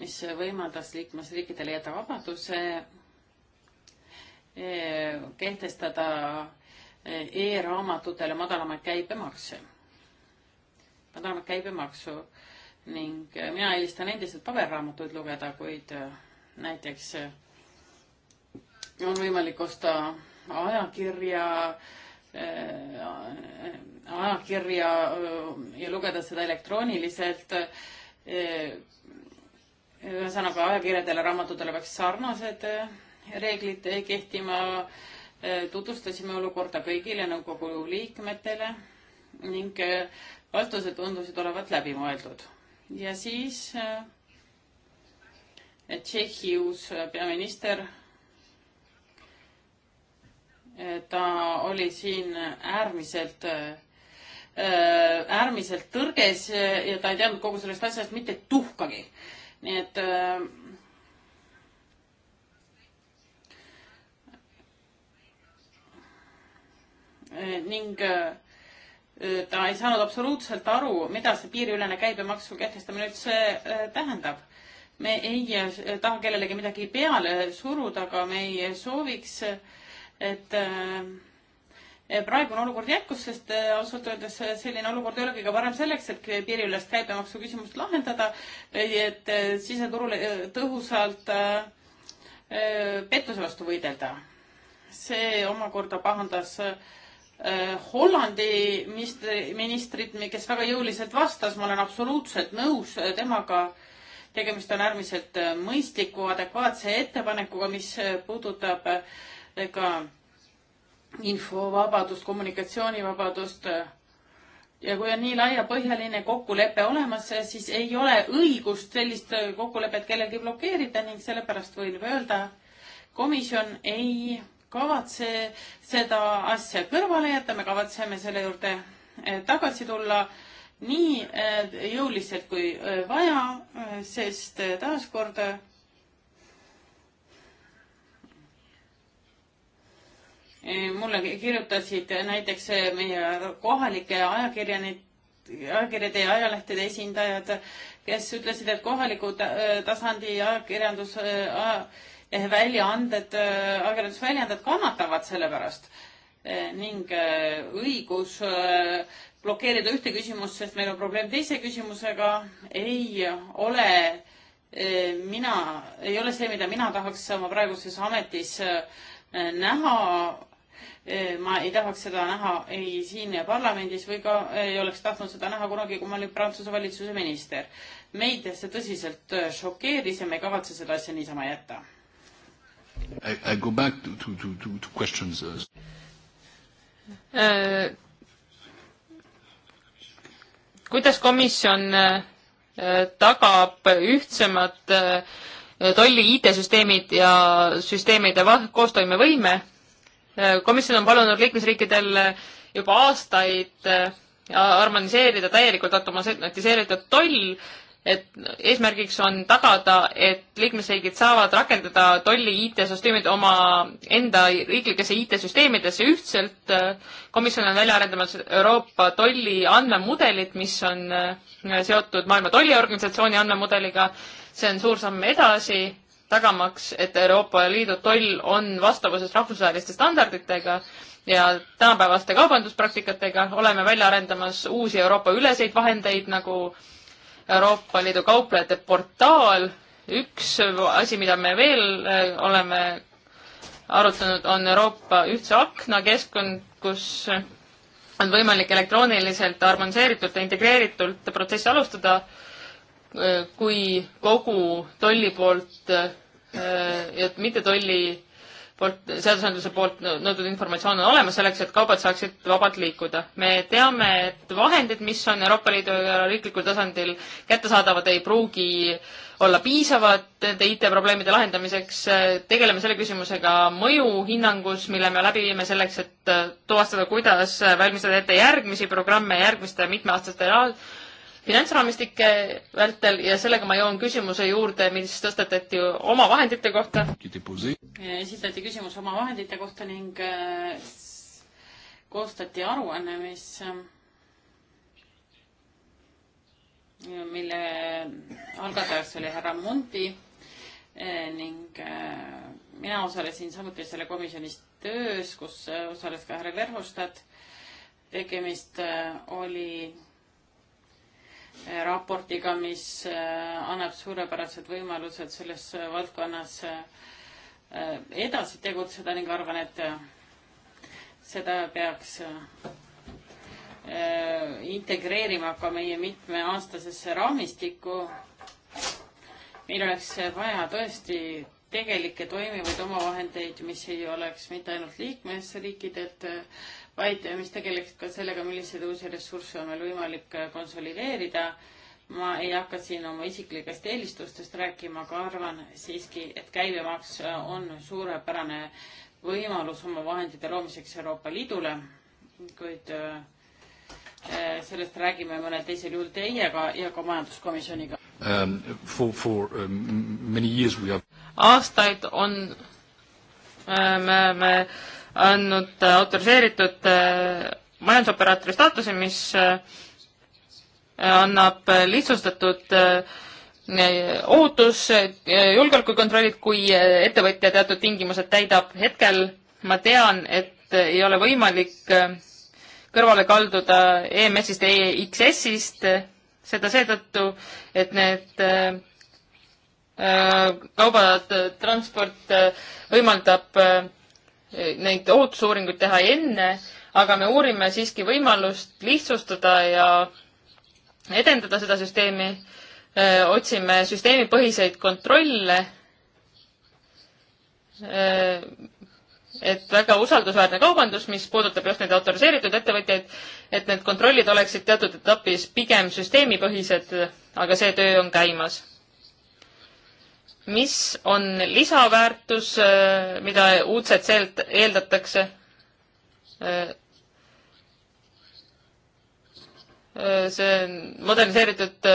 mis võimaldas liikmesriikidele jätta vabaduse äh, kehtestada äh, e-raamatutele madalamaid käibemakse, madalamat käibemaksu ning mina eelistan endiselt paberraamatuid lugeda, kuid näiteks eh, on võimalik osta ajakirja, eh, ajakirja eh, ja lugeda seda elektrooniliselt. ühesõnaga ajakirjadele, raamatutele peaks sarnased reeglid kehtima. tutvustasime olukorda kõigile nõukogu liikmetele ning vastused tundusid olevat läbimõeldud. ja siis äh, Tšehhi uus äh, peaminister. Äh, ta oli siin äärmiselt, äh, äärmiselt tõrges ja ta ei teadnud kogu sellest asjast mitte tuhkagi. nii et ning ta ei saanud absoluutselt aru, mida see piiriülene käibemaksu kehtestamine üldse tähendab me ei eh, taha kellelegi midagi peale suruda, aga me ei eh, sooviks, eh, et praegune olukord jätkus, sest ausalt öeldes selline olukord ei olegi ka varem selleks, et piiriülest käibemaksu küsimust lahendada, et siseturule tõhusalt pettuse vastu võidelda. see omakorda pahandas Hollandi ministrit, kes väga jõuliselt vastas, ma olen absoluutselt nõus temaga tegemist on äärmiselt äh, mõistliku, adekvaatse ettepanekuga, mis äh, puudutab äh, ka infovabadust, kommunikatsioonivabadust. ja kui on nii laiapõhjaline kokkulepe olemas, siis ei ole õigust sellist kokkulepet kellelgi blokeerida ning sellepärast võin öelda, komisjon ei kavatse seda asja kõrvale jätta, me kavatseme selle juurde tagasi tulla nii äh, jõuliselt kui äh, vaja, äh, sest taaskord mulle kirjutasid näiteks meie kohalike ajakirjanike, ajakirjade ja ajalehtede esindajad, kes ütlesid, et kohaliku tasandi ajakirjandus, eh, väljaanded, ajakirjandusväljaanded kannatavad selle pärast Eh, ning eh, õigus eh, blokeerida ühte küsimust, sest meil on probleem teise küsimusega, ei ole mina, ei ole see, mida mina tahaks oma praeguses ametis näha. ma ei tahaks seda näha ei siin parlamendis või ka ei oleks tahtnud seda näha kunagi, kui ma olin Prantsuse valitsuse minister. meid see tõsiselt šokeeris ja me ei kavatse seda asja niisama jätta. I, I go back to, to, to, to questions. Uh, Äh, kuidas komisjon äh, tagab ühtsemad äh, tolli IT-süsteemid ja süsteemide koostoimevõime? komisjon on palunud liikmesriikidel juba aastaid harmoniseerida täielikult automatiseeritud toll et eesmärgiks on tagada, et liikmesriigid saavad rakendada tolli IT-süsteemid oma enda riiklikesse IT-süsteemidesse ühtselt. Äh, komisjon on välja arendamas Euroopa tolli andmemudelit, mis on äh, seotud Maailma Tolliorganisatsiooni andmemudeliga. see on suur samm edasi, tagamaks, et Euroopa Liidu toll on vastavuses rahvusvaheliste standarditega ja tänapäevaste kaubanduspraktikatega. oleme välja arendamas uusi Euroopa üleseid vahendeid nagu äh, Euroopa Liidu kauplejate portaal. üks asi, mida me veel äh, oleme arutanud, on Euroopa ühtse akna keskkond, kus on võimalik elektrooniliselt harmoniseeritult ja integreeritult protsessi alustada, äh, kui kogu tolli poolt äh, ja mitte tolli poolt, seadusandluse poolt nõudnud informatsioon on olemas selleks, et kaubad saaksid vabalt liikuda. me teame, et vahendid, mis on Euroopa Liidu ja riiklikul tasandil kättesaadavad, ei pruugi olla piisavad nende IT-probleemide lahendamiseks. tegeleme selle küsimusega mõjuhinnangus, mille me läbi viime selleks, et tuvastada, kuidas valmistada ette järgmisi programme järgmiste mitmeaastaste finantsraamistike vältel ja sellega ma jõuan küsimuse juurde, mis tõstatati omavahendite kohta. esitati küsimus omavahendite kohta ning äh, koostati aruanne, mis, äh, mille algatajaks oli härra Munti äh, ning mina osalesin samuti selle komisjonis töös, kus osales ka härra Verhofstadt. tegemist oli Äh, raportiga, mis äh, annab suurepärased võimalused selles valdkonnas äh, edasi tegutseda ning arvan, et seda peaks integreerima ka meie mitmeaastasesse raamistikku. meil oleks vaja tõesti tegelikke toimivaid omavahendeid, mis ei oleks mitte ainult liikmesriikidelt äh, vaid mis tegeleks ka sellega, milliseid uusi ressursse on meil võimalik äh, konsolideerida. ma ei hakka siin oma isiklikest eelistustest rääkima, aga arvan siiski, et käibemaks äh, on suurepärane võimalus oma vahendite loomiseks Euroopa Liidule, kuid äh, sellest räägime mõnel teisel juhul teiega ja ka majanduskomisjoniga um,. For, for um, many years we have aastaid on me, me andnud äh, autoriseeritud äh, majandusoperaatori staatuse, mis äh, annab lihtsustatud ohutus, julgeolekukontrollid, kui ettevõtja teatud tingimused täidab. hetkel ma tean, et ei ole võimalik kõrvale kalduda EMS-ist ja EXS-ist, seda seetõttu, et need kaubatransport võimaldab neid ootusuuringuid teha enne, aga me uurime siiski võimalust lihtsustada ja edendada seda süsteemi, otsime süsteemipõhiseid kontrolle, et väga usaldusväärne kaubandus, mis puudutab just neid autoriseeritud ettevõtjaid, et need kontrollid oleksid teatud etapis pigem süsteemipõhised, aga see töö on käimas mis on lisaväärtus, äh, mida UCC-lt eeldatakse? Äh, äh, see on moderniseeritud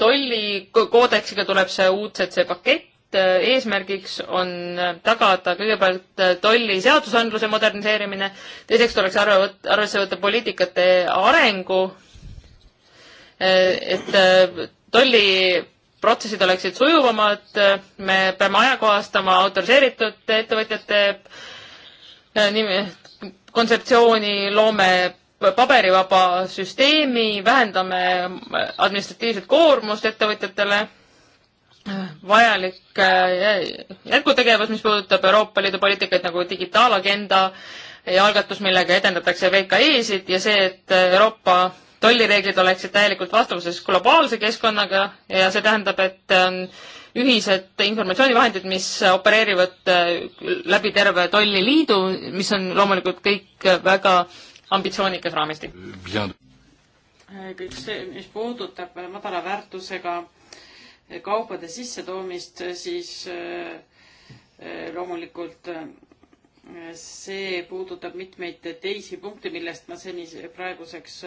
tollikoodeksiga tuleb see UCC pakett, eesmärgiks on tagada kõigepealt tolli seadusandluse moderniseerimine, teiseks tuleks arve võt-, arvesse võtta poliitikate arengu, et tolli protsessid oleksid sujuvamad, me peame ajakohastama autoriseeritud ettevõtjate eh, nimi, kontseptsiooni, loome paberivaba süsteemi, vähendame eh, administratiivset koormust ettevõtjatele, vajalik eh, jätkutegevus, mis puudutab Euroopa Liidu poliitikaid nagu digitaalagenda ja algatus, millega edendatakse VKE-sid ja see, et Euroopa tollireeglid oleksid täielikult vastavuses globaalse keskkonnaga ja see tähendab, et on ähm, ühised informatsioonivahendid, mis opereerivad äh, läbi terve tolliliidu, mis on loomulikult kõik väga ambitsioonikas raamistik. Äh, kõik see, mis puudutab madala väärtusega äh, kaupade sissetoomist, siis loomulikult see puudutab mitmeid teisi punkte, millest ma seni praeguseks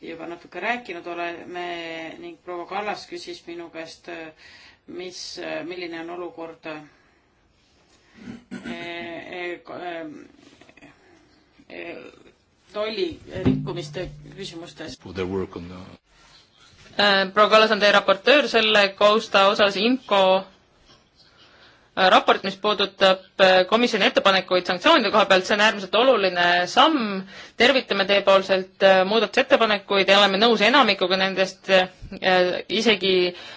juba natuke rääkinud oleme ning proua Kallas küsis minu käest, mis, milline on olukord e, eh, e, eh, e, eh, tollirikkumiste küsimustes. proua Kallas on teie raportöör selle Costa osas, IMCO Äh, raport, mis puudutab äh, komisjoni ettepanekuid sanktsioonide koha pealt, see on äärmiselt oluline samm. tervitame teiepoolselt äh, muudatusettepanekuid ja oleme nõus enamikuga nendest, isegi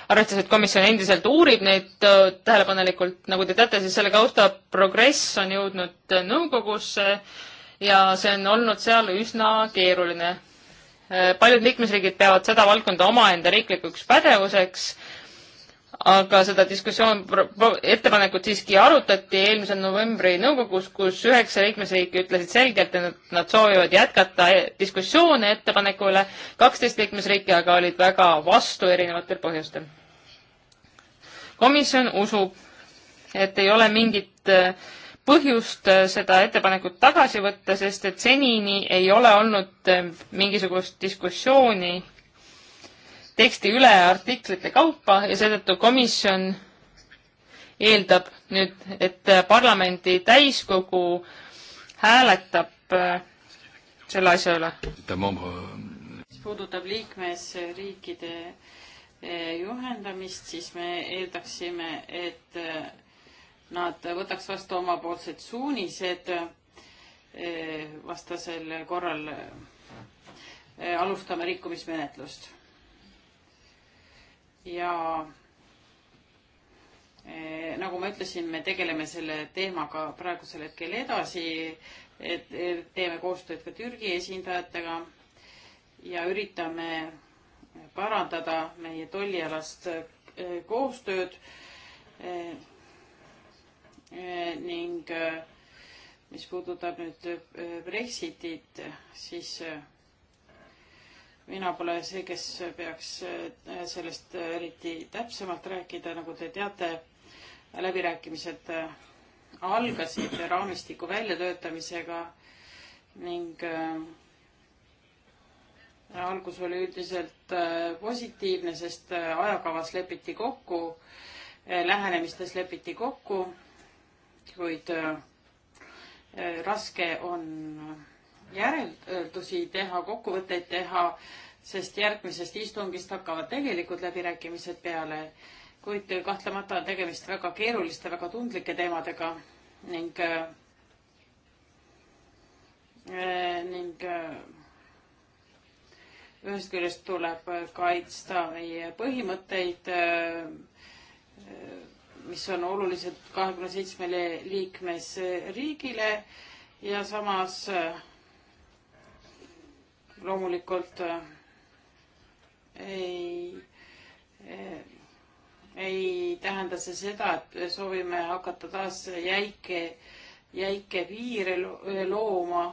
arvestades, et komisjon endiselt uurib neid tähelepanelikult, nagu te teate, siis selle kausta progress on jõudnud nõukogusse ja see on olnud seal üsna keeruline. paljud liikmesriigid peavad seda valdkonda omaenda riiklikuks pädevuseks aga seda diskussioon, ettepanekut siiski arutati eelmisel novembri nõukogus, kus üheksa liikmesriiki ütlesid selgelt, et nad soovivad jätkata e-, diskussioone ettepaneku üle, kaksteist liikmesriiki aga olid väga vastu erinevatel põhjustel. komisjon usub, et ei ole mingit äh, põhjust äh, seda ettepanekut tagasi võtta, sest et senini ei ole olnud äh, mingisugust diskussiooni teksti üle artiklite kaupa ja seetõttu komisjon eeldab nüüd, et parlamendi täiskogu hääletab äh, selle asja üle. mis puudutab liikmesriikide äh, juhendamist, siis me eeldaksime, et äh, nad võtaks vastu omapoolsed suunised, vastasel korral alustame rikkumismenetlust ja eh, nagu ma ütlesin, me tegeleme selle teemaga praegusel hetkel edasi, et teeme koostööd ka Türgi esindajatega ja üritame parandada meie tollialast eh, koostööd eh, ning mis puudutab nüüd Brexitit, siis mina pole see, kes peaks äh, sellest äh, eriti täpsemalt rääkida, nagu te teate, läbirääkimised äh, algasid raamistiku väljatöötamisega ning algus oli üldiselt positiivne, sest ajakavas lepiti kokku, lähenemistes lepiti kokku, kuid raske on järeldusi teha, kokkuvõtteid teha, sest järgmisest istungist hakkavad tegelikult läbirääkimised peale, kuid kahtlemata on tegemist väga keeruliste, väga tundlike teemadega ning äh, ning äh, ühest küljest tuleb kaitsta meie põhimõtteid, äh, mis on olulised kahekümne seitsmele liikmesriigile ja samas loomulikult äh, ei, äh, ei tähenda see seda, et soovime hakata taas jäike, jäike piire äh, looma,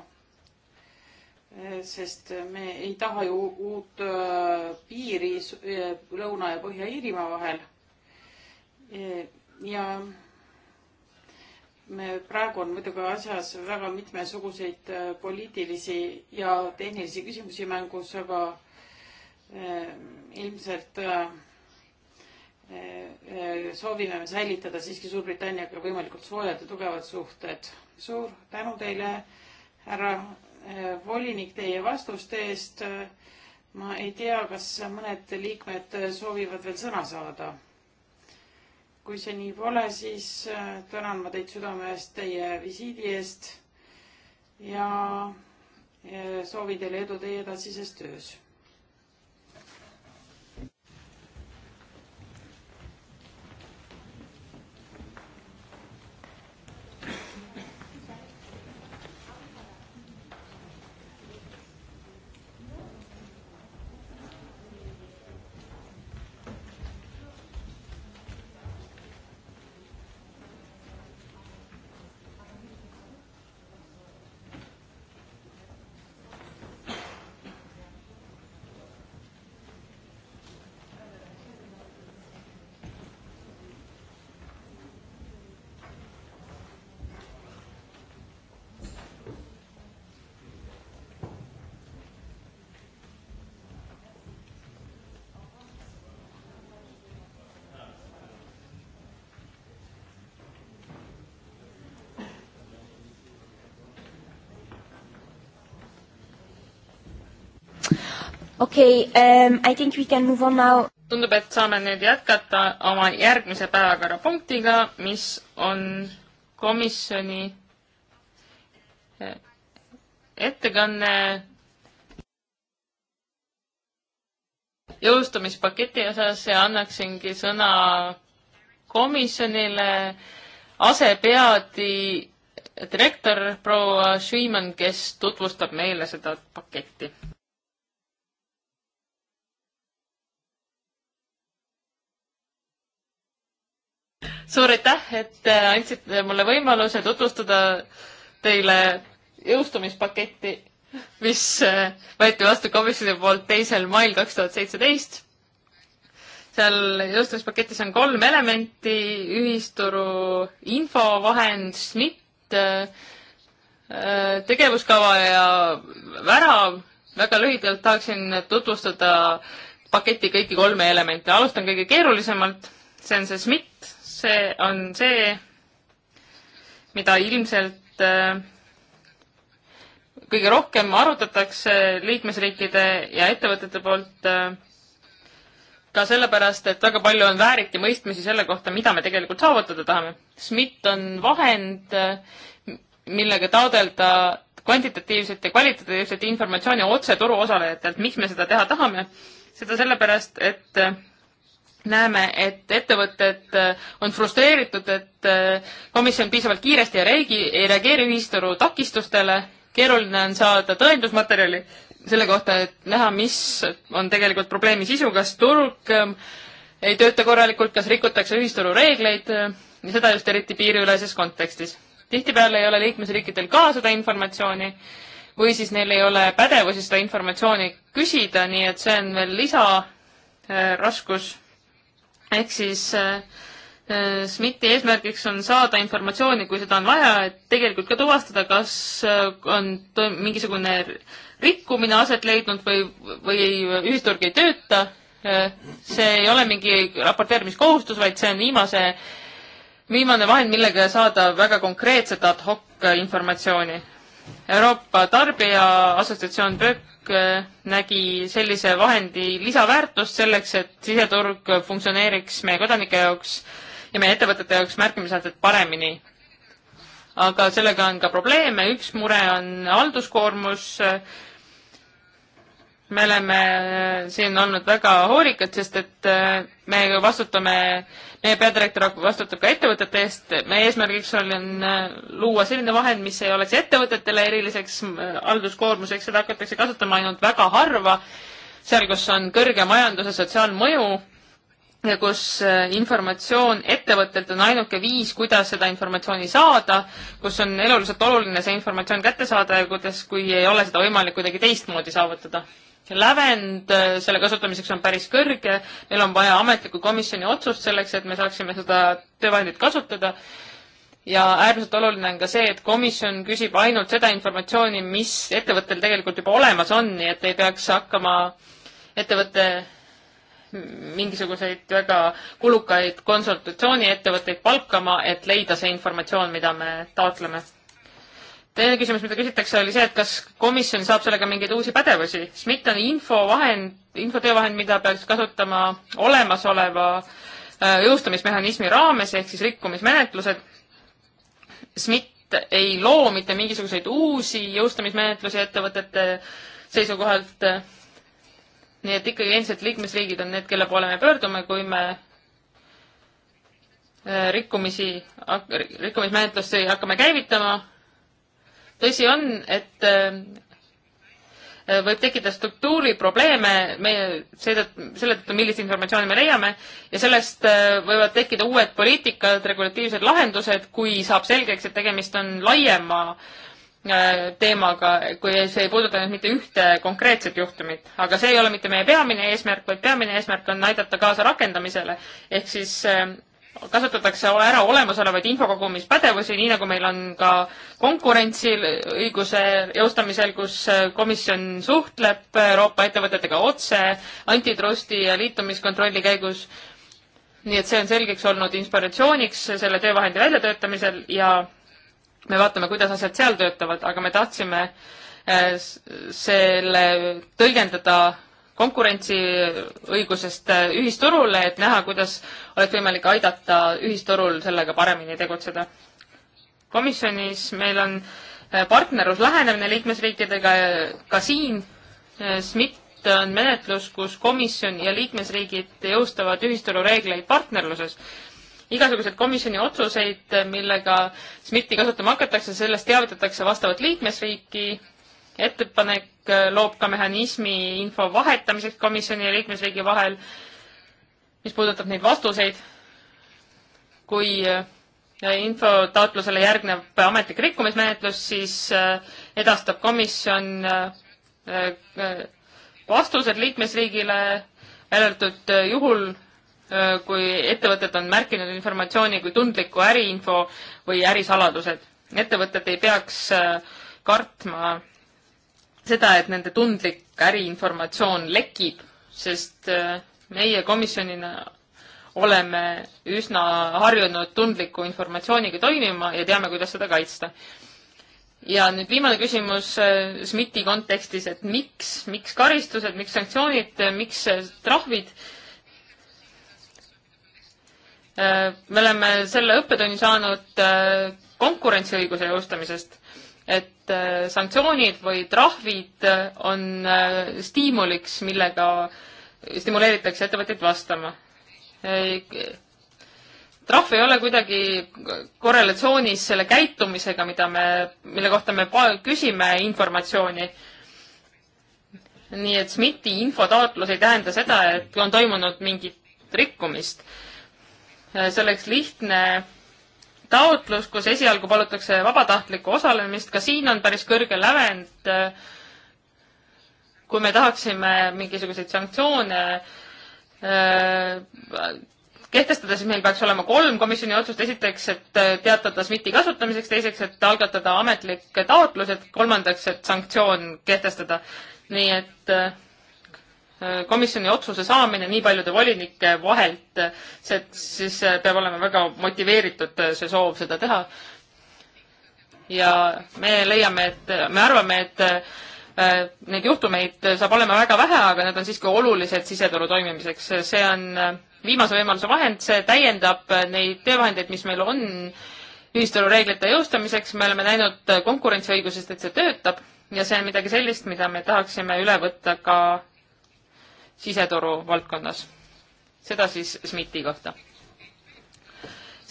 sest me ei taha ju uut piiri Lõuna- ja Põhja-Iirimaa vahel. ja me praegu on muidugi asjas väga mitmesuguseid äh, poliitilisi ja tehnilisi küsimusi mängus, aga äh, ilmselt äh, soovime me säilitada siiski Suurbritanniaga võimalikult soojad ja tugevad suhted. suur tänu teile, härra volinik, teie vastuste eest. ma ei tea, kas mõned liikmed soovivad veel sõna saada kui see nii pole, siis äh, tänan ma teid südame eest teie visiidi eest ja soovin teile edu teie edasises töös okei okay, um,, I think we can move on now. tundub, et saame nüüd jätkata oma järgmise päevakorrapunktiga, mis on komisjoni eh, ettekanne jõustumispaketi osas ja annaksingi sõna komisjonile asepeadi direktor proua Schumann, kes tutvustab meile seda paketti suur aitäh, et äh, andsite mulle võimaluse tutvustada teile jõustumispaketti, mis äh, võeti vastu komisjoni poolt teisel mail kaks tuhat seitseteist. seal jõustumispaketis on kolm elementi, ühisturu infovahend, SNIT, äh, tegevuskava ja värav. väga lühidalt tahaksin tutvustada paketi kõiki kolme elementi. alustan kõige keerulisemalt, see on see SMIT see on see, mida ilmselt äh, kõige rohkem arutatakse liikmesriikide ja ettevõtete poolt äh, ka sellepärast, et väga palju on vääriti mõistmisi selle kohta, mida me tegelikult saavutada tahame. SMIT on vahend, äh, millega taodelda kvantitatiivset ja kvalitatiivset informatsiooni otse turuosalejatelt, miks me seda teha tahame. seda sellepärast, et näeme, et ettevõtted äh, on frustreeritud, et äh, komisjon piisavalt kiiresti ei reegi, ei reageeri ühisturu takistustele, keeruline on saada tõendusmaterjali selle kohta, et näha, mis on tegelikult probleemi sisu, kas turg ähm, ei tööta korralikult, kas rikutakse ühisturu reegleid äh, ja seda just eriti piiriüleses kontekstis. tihtipeale ei ole liikmesriikidel ka seda informatsiooni või siis neil ei ole pädevusi seda informatsiooni küsida, nii et see on veel lisaraskus äh, ehk siis äh, äh, SMIT-i eesmärgiks on saada informatsiooni, kui seda on vaja, et tegelikult ka tuvastada, kas äh, on mingisugune rikkumine aset leidnud või, või ühisturg ei tööta. see ei ole mingi raporteerimiskohustus, vaid see on viimase, viimane vahend, millega saada väga konkreetset ad hoc informatsiooni Euroopa Tarbija Assotsiatsioon PÖK äh, nägi sellise vahendi lisaväärtust selleks, et siseturg funktsioneeriks meie kodanike jaoks ja meie ettevõtete jaoks märkimisväärselt paremini. aga sellega on ka probleeme, üks mure on halduskoormus, me oleme äh, siin olnud väga hoorikad, sest et äh, me vastutame, meie peadirektor vastutab ka ettevõtete eest, meie eesmärgiks on äh, luua selline vahend, mis ei oleks ettevõtetele eriliseks halduskoormuseks, seda hakatakse kasutama ainult väga harva, seal, kus on kõrge majanduse sotsiaalmõju ja kus informatsioon ettevõttelt on ainuke viis, kuidas seda informatsiooni saada, kus on eluliselt oluline see informatsioon kätte saada ja kuidas, kui ei ole seda võimalik kuidagi teistmoodi saavutada lävend äh, selle kasutamiseks on päris kõrge, meil on vaja ametliku komisjoni otsust selleks, et me saaksime seda töövahendit kasutada ja äärmiselt oluline on ka see, et komisjon küsib ainult seda informatsiooni, mis ettevõttel tegelikult juba olemas on, nii et ei peaks hakkama ettevõte mingisuguseid väga kulukaid konsultatsiooniettevõtteid palkama, et leida see informatsioon, mida me taotleme teine küsimus, mida küsitakse, oli see, et kas komisjon saab sellega mingeid uusi pädevusi. SMIT on infovahend, infotöövahend, mida peaks kasutama olemasoleva äh, jõustamismehhanismi raames ehk siis rikkumismenetlused. SMIT ei loo mitte mingisuguseid uusi jõustamismenetlusi ettevõtete seisukohalt. nii et ikkagi endiselt liikmesriigid on need, kelle poole me pöördume, kui me äh, rikkumisi, rikkumismenetlusi hakkame käivitama tõsi on, et äh, võib tekkida struktuuriprobleeme meie seetõttu, selle tõttu, millist informatsiooni me leiame ja sellest äh, võivad tekkida uued poliitikad, regulatiivsed lahendused, kui saab selgeks, et tegemist on laiema äh, teemaga, kui see ei puuduta nüüd mitte ühte konkreetset juhtumit, aga see ei ole mitte meie peamine eesmärk, vaid peamine eesmärk on aidata kaasa rakendamisele ehk siis kasutatakse ära olemasolevaid infokogumispädevusi, nii nagu meil on ka konkurentsiõiguse jõustamisel, kus äh, komisjon suhtleb Euroopa ettevõtetega otse antitrusti ja liitumiskontrolli käigus. nii et see on selgeks olnud inspiratsiooniks selle töövahendi väljatöötamisel ja me vaatame, kuidas asjad seal töötavad, aga me tahtsime äh, selle tõlgendada konkurentsiõigusest äh, ühisturule, et näha, kuidas oleks võimalik aidata ühisturul sellega paremini tegutseda. komisjonis meil on äh, partnerlus lähenemine liikmesriikidega ka siin. Äh, SMIT on menetlus, kus komisjon ja liikmesriigid jõustavad ühisturu reegleid partnerluses. igasuguseid komisjoni otsuseid, millega SMIT-i kasutama hakatakse, sellest teavitatakse vastavat liikmesriiki ettepanek äh, loob ka mehhanismi info vahetamiseks komisjoni ja liikmesriigi vahel, mis puudutab neid vastuseid. kui äh, infotaotlusele järgneb ametlik rikkumismenetlus, siis äh, edastab komisjon vastused liikmesriigile, välja arvatud juhul, kui ettevõtted on märkinud informatsiooni kui tundliku äriinfo või ärisaladused. ettevõtted ei peaks kartma seda, et nende tundlik äriinformatsioon lekib, sest äh, meie komisjonina oleme üsna harjunud tundliku informatsiooniga toimima ja teame, kuidas seda kaitsta. ja nüüd viimane küsimus äh, SMIT-i kontekstis, et miks, miks karistused, miks sanktsioonid, äh, miks trahvid? me oleme selle õppetunni saanud konkurentsiõiguse jõustamisest et äh, sanktsioonid või trahvid äh, on äh, stiimuliks, millega stimuleeritakse ettevõtteid vastama. trahv ei ole kuidagi korrelatsioonis selle käitumisega, mida me, mille kohta me küsime informatsiooni. nii et SMIT-i infotaotlus ei tähenda seda, et on toimunud mingit rikkumist. see oleks lihtne taotlus, kus esialgu palutakse vabatahtlikku osalemist, ka siin on päris kõrge lävend. kui me tahaksime mingisuguseid sanktsioone kehtestada, siis meil peaks olema kolm komisjoni otsust, esiteks, et teatada SMIT-i kasutamiseks, teiseks, et algatada ametlik taotlus, et kolmandaks, et sanktsioon kehtestada. nii et äh, komisjoni otsuse saamine nii paljude volinike vahelt, see, siis peab olema väga motiveeritud see soov seda teha. ja me leiame, et, me arvame, et äh, neid juhtumeid saab olema väga vähe, aga need on siiski olulised siseturu toimimiseks. see on viimase võimaluse vahend, see täiendab neid töövahendeid, mis meil on ühisturu reeglite jõustamiseks. me oleme näinud konkurentsiõigusest, et see töötab ja see on midagi sellist, mida me tahaksime üle võtta ka siseturu valdkonnas. seda siis SMIT-i kohta.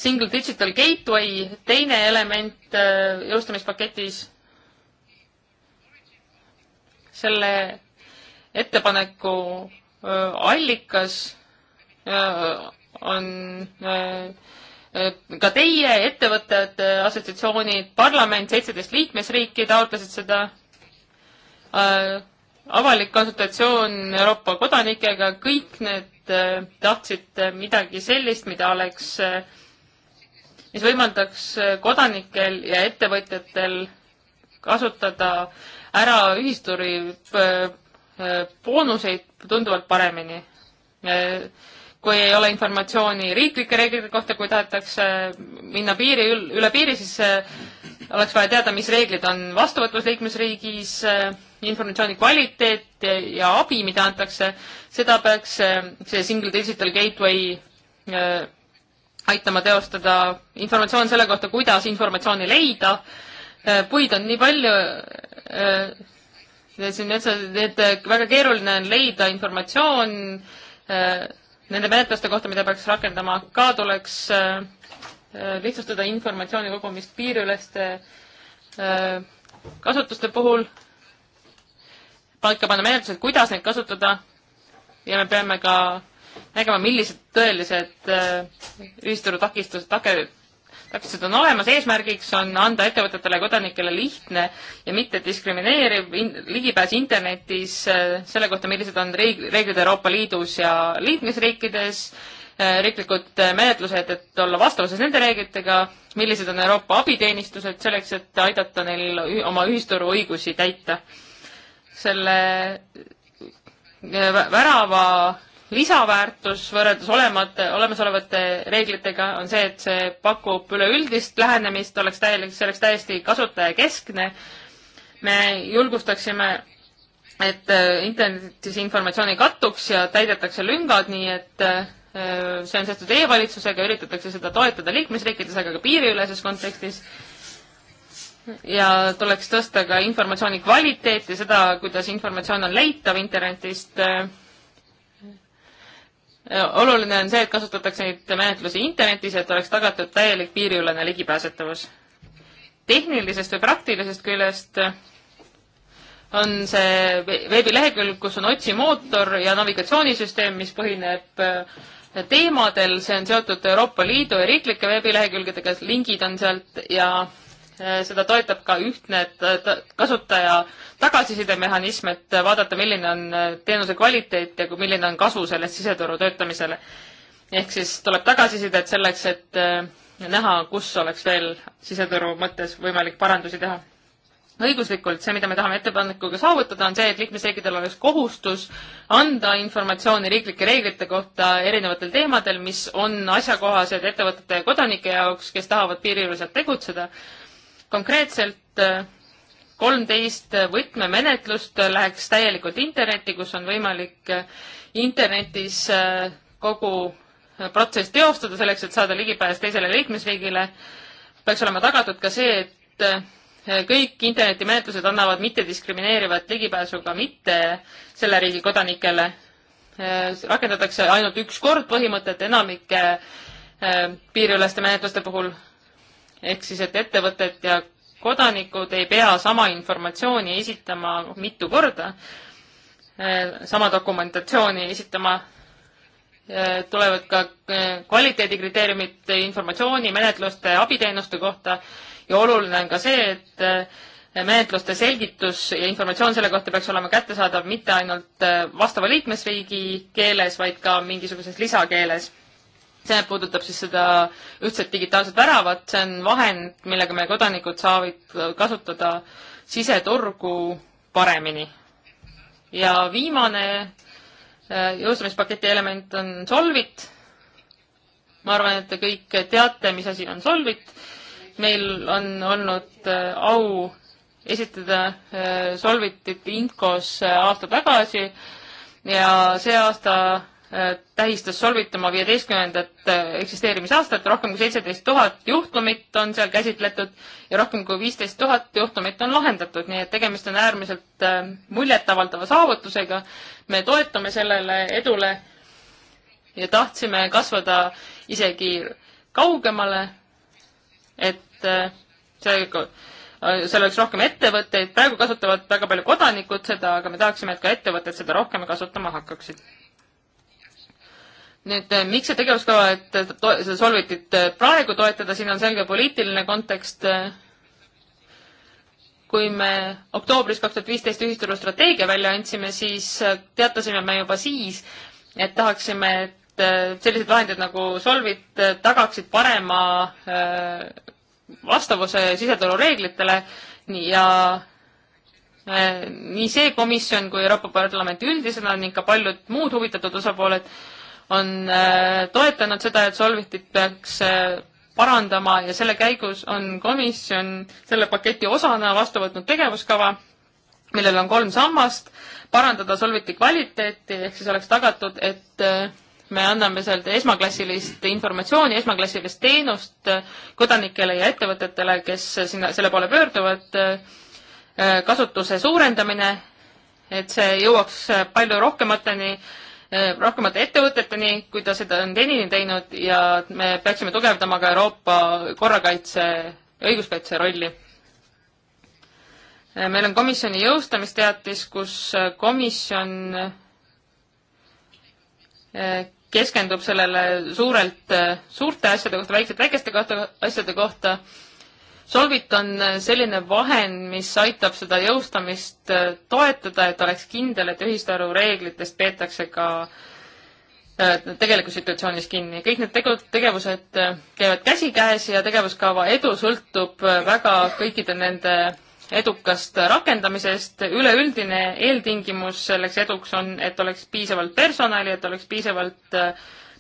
Single Digital Gateway, teine element äh, jõustamispaketis, selle ettepaneku äh, allikas äh, on ka teie ettevõtted, assotsiatsioonid, parlament, seitseteist liikmesriiki taotlesid seda avalik konsultatsioon Euroopa kodanikega, kõik need äh, tahtsid äh, midagi sellist, mida oleks, äh, mis võimaldaks kodanikel ja ettevõtjatel kasutada ära ühisturi boonuseid tunduvalt paremini kui ei ole informatsiooni riiklike reeglite kohta, kui tahetakse minna piiri, üle piiri, siis äh, oleks vaja teada, mis reeglid on vastuvõtvas liikmesriigis, äh, informatsiooni kvaliteet ja abi, mida antakse, seda peaks äh, see Single Digital Gateway aitama teostada, informatsioon selle kohta, kuidas informatsiooni leida, puid on nii palju, siin metsas, et väga keeruline on leida informatsioon, nende menetluste kohta, mida peaks rakendama, ka tuleks äh, äh, lihtsustada informatsiooni kogumist piiriüleste äh, kasutuste puhul, paika panna menetlused, kuidas neid kasutada ja me peame ka nägema, millised tõelised ühisturu takistused, take, takistused on olemas, eesmärgiks on anda ettevõtetele ja kodanikele lihtne ja mitte diskrimineeriv in ligipääs internetis äh, selle kohta, millised on reeg reeglid Euroopa Liidus ja liikmesriikides, äh, riiklikud äh, menetlused, et olla vastavuses nende reeglitega, millised on Euroopa abiteenistused selleks, et aidata neil oma ühisturu õigusi täita. selle värava lisaväärtus võrreldes olemate, olemasolevate reeglitega on see, et see pakub üleüldist lähenemist, oleks täielik, see oleks täiesti kasutajakeskne. me julgustaksime, et äh, internetis informatsiooni kattuks ja täidetakse lüngad, nii et äh, see on seotud e-valitsusega, üritatakse seda toetada liikmesriikides, aga ka piiriüleses kontekstis ja tuleks tõsta ka informatsiooni kvaliteeti, seda, kuidas informatsioon on leitav internetist, äh, Äh, oluline on see, et kasutatakse neid menetlusi internetis, et oleks tagatud täielik piiriülene ligipääsetavus. tehnilisest või praktilisest küljest on see veebilehekülg, kus on otsimootor ja navigatsioonisüsteem, mis põhineb äh, teemadel, see on seotud Euroopa Liidu ja riiklike veebilehekülgedega, lingid on sealt ja Eh, seda toetab ka ühtne eh, kasutaja tagasisidemehhanism, et eh, vaadata, milline on teenuse kvaliteet ja milline on kasu sellest siseturu töötamisele. ehk siis tuleb tagasisidet selleks, et näha, kus oleks veel siseturu mõttes võimalik parandusi teha. õiguslikult see, mida me tahame ettepanekuga saavutada, on see, et liikmesriikidel oleks kohustus anda informatsiooni riiklike reeglite kohta erinevatel teemadel, mis on asjakohased ettevõtete ja kodanike jaoks, kes tahavad piiriüleselt tegutseda konkreetselt äh, kolmteist võtmemenetlust äh, läheks täielikult internetti, kus on võimalik äh, internetis kogu protsess teostada selleks, et saada ligipääs teisele liikmesriigile. peaks olema tagatud ka see, et kõik internetimenetlused annavad mittediskrimineerivat ligipääsu ka mitte selle riigi kodanikele. rakendatakse ainult üks kord põhimõtet enamike piiriüleste menetluste puhul ehk siis, et ettevõtted ja kodanikud ei pea sama informatsiooni esitama mitu korda, eh, sama dokumentatsiooni esitama, eh, tulevad ka eh, kvaliteedikriteeriumid informatsiooni, menetluste, abiteenuste kohta ja oluline on ka see, et menetluste selgitus ja informatsioon selle kohta peaks olema kättesaadav mitte ainult vastava liikmesriigi keeles, vaid ka mingisuguses lisakeeles see puudutab siis seda ühtset digitaalset väravat, see on vahend, millega meie kodanikud saavad kasutada siseturgu paremini. ja viimane äh, jõustumispaketi element on Solvit. ma arvan, et te kõik teate, mis asi on Solvit. meil on olnud äh, au esitada äh, Solvitit Inkos aasta tagasi ja see aasta Äh, tähistas Solvit oma viieteistkümnendat äh, eksisteerimisaastat, rohkem kui seitseteist tuhat juhtumit on seal käsitletud ja rohkem kui viisteist tuhat juhtumit on lahendatud, nii et tegemist on äärmiselt äh, muljetavaldava saavutusega. me toetume sellele edule ja tahtsime kasvada isegi kaugemale, et see seal oleks rohkem ettevõtteid, praegu kasutavad väga palju kodanikud seda, aga me tahaksime, et ka ettevõtted seda rohkem kasutama hakkaksid nüüd äh, miks see tegevuskava, et äh, to-, seda Solvitit äh, praegu toetada, siin on selge poliitiline kontekst, kui me oktoobris kaks tuhat viisteist ühisturu strateegia välja andsime, siis teatasime me juba siis, et tahaksime, et sellised vahendid nagu Solvit tagaksid parema vastavuse siseturu reeglitele ja nii see komisjon kui Euroopa Parlament üldisena ning ka paljud muud huvitatud osapooled on äh, toetanud seda, et Solvitit peaks äh, parandama ja selle käigus on komisjon selle paketi osana vastu võtnud tegevuskava, millel on kolm sammast, parandada Solviti kvaliteeti, ehk siis oleks tagatud, et äh, me anname sealt esmaklassilist informatsiooni, esmaklassilist teenust kodanikele ja ettevõtetele, kes sinna, selle poole pöörduvad, kasutuse suurendamine, et see jõuaks palju rohkemateni, Äh, rohkemate ettevõteteni, kui ta seda on senini teinud ja me peaksime tugevdama ka Euroopa korrakaitse, õiguskaitse rolli. Äh, meil on komisjoni jõustamisteatis, kus äh, komisjon keskendub sellele suurelt suurte asjade kohta, väikselt väikeste kohta, asjade kohta Solvit on äh, selline vahend, mis aitab seda jõustamist äh, toetada, et oleks kindel, et ühistaru reeglitest peetakse ka äh, tegelikus situatsioonis kinni. kõik need tegu-, tegevused käivad käsikäes ja tegevuskava edu sõltub väga kõikide nende edukast rakendamisest. üleüldine eeltingimus selleks eduks on, et oleks piisavalt personali, et oleks piisavalt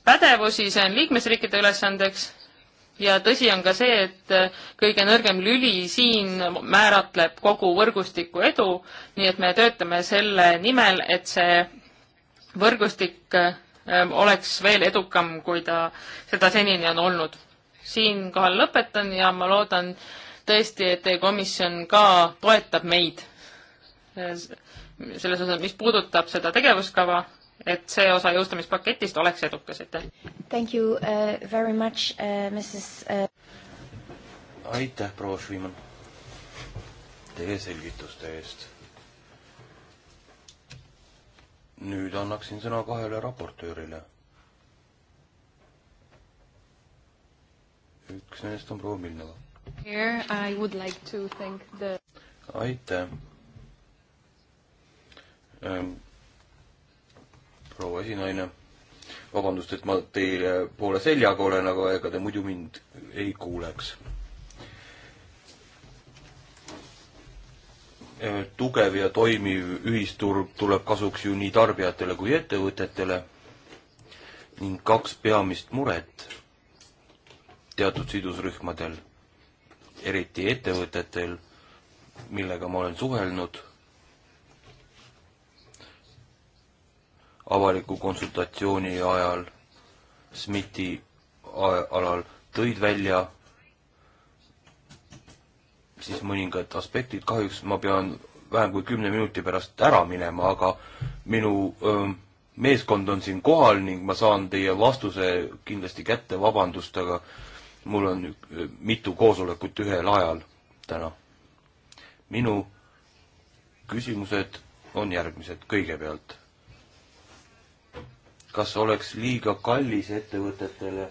pädevusi, see on liikmesriikide ülesandeks ja tõsi on ka see, et äh, kõige nõrgem lüli siin määratleb kogu võrgustiku edu, nii et me töötame selle nimel, et see võrgustik ähm, oleks veel edukam, kui ta seda senini on olnud. siinkohal lõpetan ja ma loodan tõesti, et teie komisjon ka toetab meid äh, selles osas, mis puudutab seda tegevuskava et see osa jõustamispaketist oleks edukas, aitäh! Thank you uh, very much uh,, Mrs uh.... aitäh, proua Schwimann, teie selgituste eest. nüüd annaksin sõna kahele raportöörile. üks neist on proua Milnova. Here I would like to thank the aitäh ähm proua esinaine. vabandust, et ma teie poole seljaga olen, aga ega te muidu mind ei kuuleks. Äh, tugev ja toimiv ühisturg tuleb kasuks ju nii tarbijatele kui ettevõtetele ning kaks peamist muret teatud sidusrühmadel, eriti ettevõtetel, millega ma olen suhelnud avaliku konsultatsiooni ajal SMIT-i alal tõid välja siis mõningad aspektid, kahjuks ma pean vähem kui kümne minuti pärast ära minema, aga minu öö, meeskond on siin kohal ning ma saan teie vastuse kindlasti kätte, vabandust, aga mul on öö, mitu koosolekut ühel ajal täna. minu küsimused on järgmised kõigepealt kas oleks liiga kallis ettevõtetele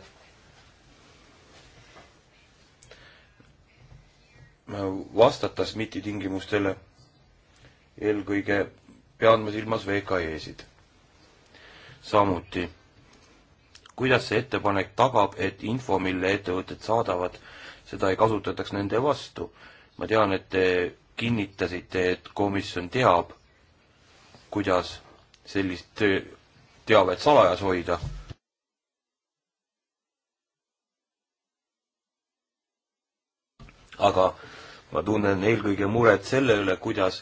vastata SMIT-i tingimustele, eelkõige pean ma silmas VKE-sid. samuti, kuidas see ettepanek tagab, et info, mille ettevõtted saadavad, seda ei kasutataks nende vastu? ma tean, et te kinnitasite, et komisjon teab, kuidas sellist teavet salajas hoida. aga ma tunnen eelkõige muret selle üle, kuidas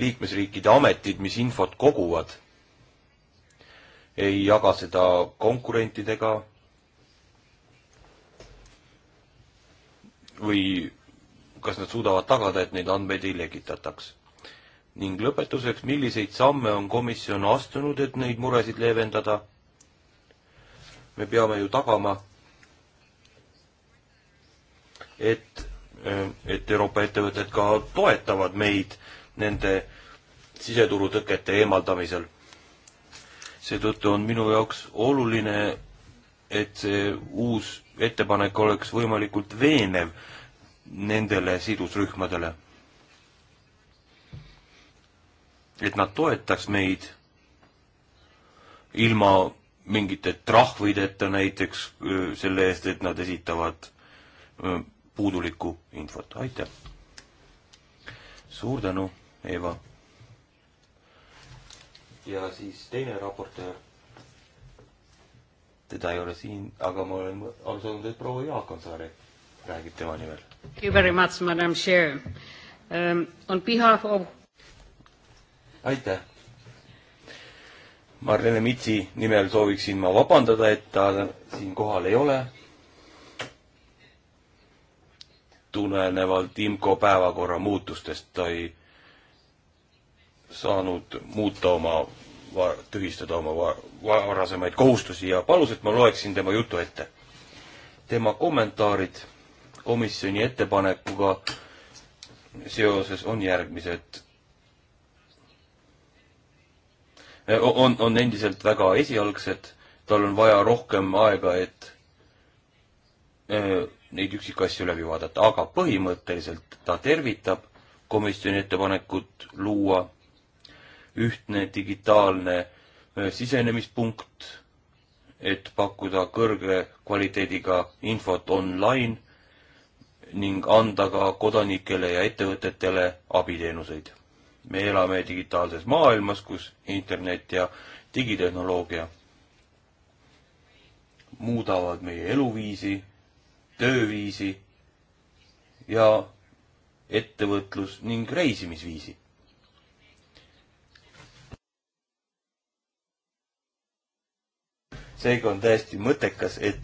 liikmesriikide ametid, mis infot koguvad, ei jaga seda konkurentidega või kas nad suudavad tagada, et neid andmeid ei lekitataks ning lõpetuseks, milliseid samme on komisjon astunud, et neid muresid leevendada? me peame ju tagama, et, eh, et Euroopa ettevõtted ka toetavad meid nende siseturutõkete eemaldamisel. seetõttu on minu jaoks oluline, et see uus ettepanek oleks võimalikult veenev nendele sidusrühmadele et nad toetaks meid ilma mingite trahvideta näiteks selle eest, et nad esitavad puudulikku infot, aitäh! suur tänu, Eva! ja siis teine raportöör, teda ei ole siin, aga ma olen aru saanud, et proua Jaak Ansaari räägib tema nimel. Thank you very much, madam chair um,. On behalf of aitäh! Marlene Mitsi nimel sooviksin ma vabandada, et ta siin kohal ei ole. tulenevalt IMCO päevakorra muutustest ta ei saanud muuta oma, tühistada oma varasemaid kohustusi ja palus, et ma loeksin tema jutu ette. tema kommentaarid komisjoni ettepanekuga seoses on järgmised Äh, on, on endiselt väga esialgsed, tal on vaja rohkem aega, et äh, neid üksikasju läbi vaadata, aga põhimõtteliselt ta tervitab komisjoni ettepanekut luua ühtne digitaalne äh, sisenemispunkt, et pakkuda kõrge kvaliteediga infot online ning anda ka kodanikele ja ettevõtetele abiteenuseid me elame digitaalses maailmas, kus internet ja digitehnoloogia muudavad meie eluviisi, tööviisi ja ettevõtlus ning reisimisviisi. seega on täiesti mõttekas, et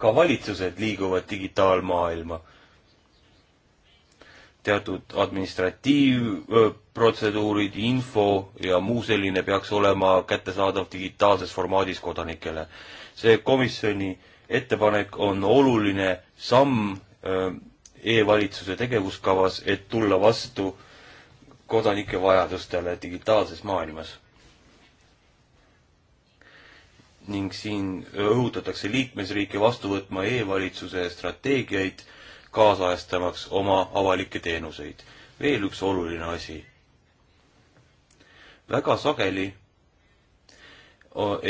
ka valitsused liiguvad digitaalmaailma teatud administratiivprotseduurid, info ja muu selline peaks olema kättesaadav digitaalses formaadis kodanikele. see komisjoni ettepanek on oluline samm äh, e-valitsuse tegevuskavas, et tulla vastu kodanike vajadustele digitaalses maailmas. ning siin õhutatakse liikmesriike vastu võtma e-valitsuse strateegiaid kaasajastamaks oma avalikke teenuseid. veel üks oluline asi. väga sageli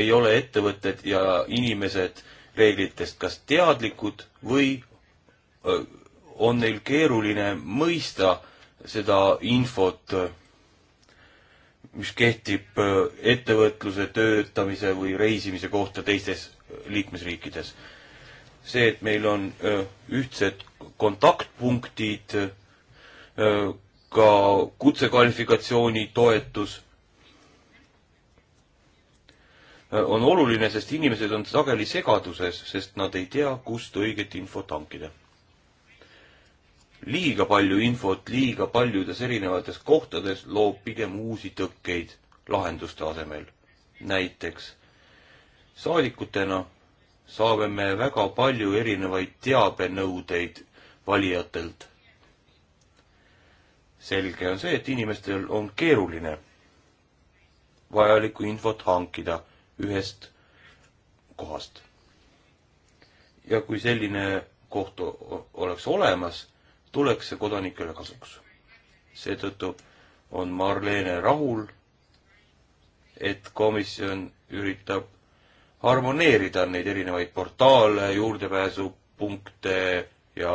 ei ole ettevõtted ja inimesed reeglitest kas teadlikud või on neil keeruline mõista seda infot, mis kehtib ettevõtluse, töötamise või reisimise kohta teistes liikmesriikides see, et meil on ühtsed kontaktpunktid, ka kutsekvalifikatsiooni toetus on oluline, sest inimesed on sageli segaduses, sest nad ei tea, kust õiget infot hankida. liiga palju infot liiga paljudes erinevates kohtades loob pigem uusi tõkkeid lahenduste asemel. näiteks saadikutena saame me väga palju erinevaid teabenõudeid valijatelt. selge on see, et inimestel on keeruline vajalikku infot hankida ühest kohast. ja kui selline koht oleks olemas, tuleks see kodanikele kasuks. seetõttu on Marlene rahul, et komisjon üritab harmoneerida neid erinevaid portaale, juurdepääsupunkte ja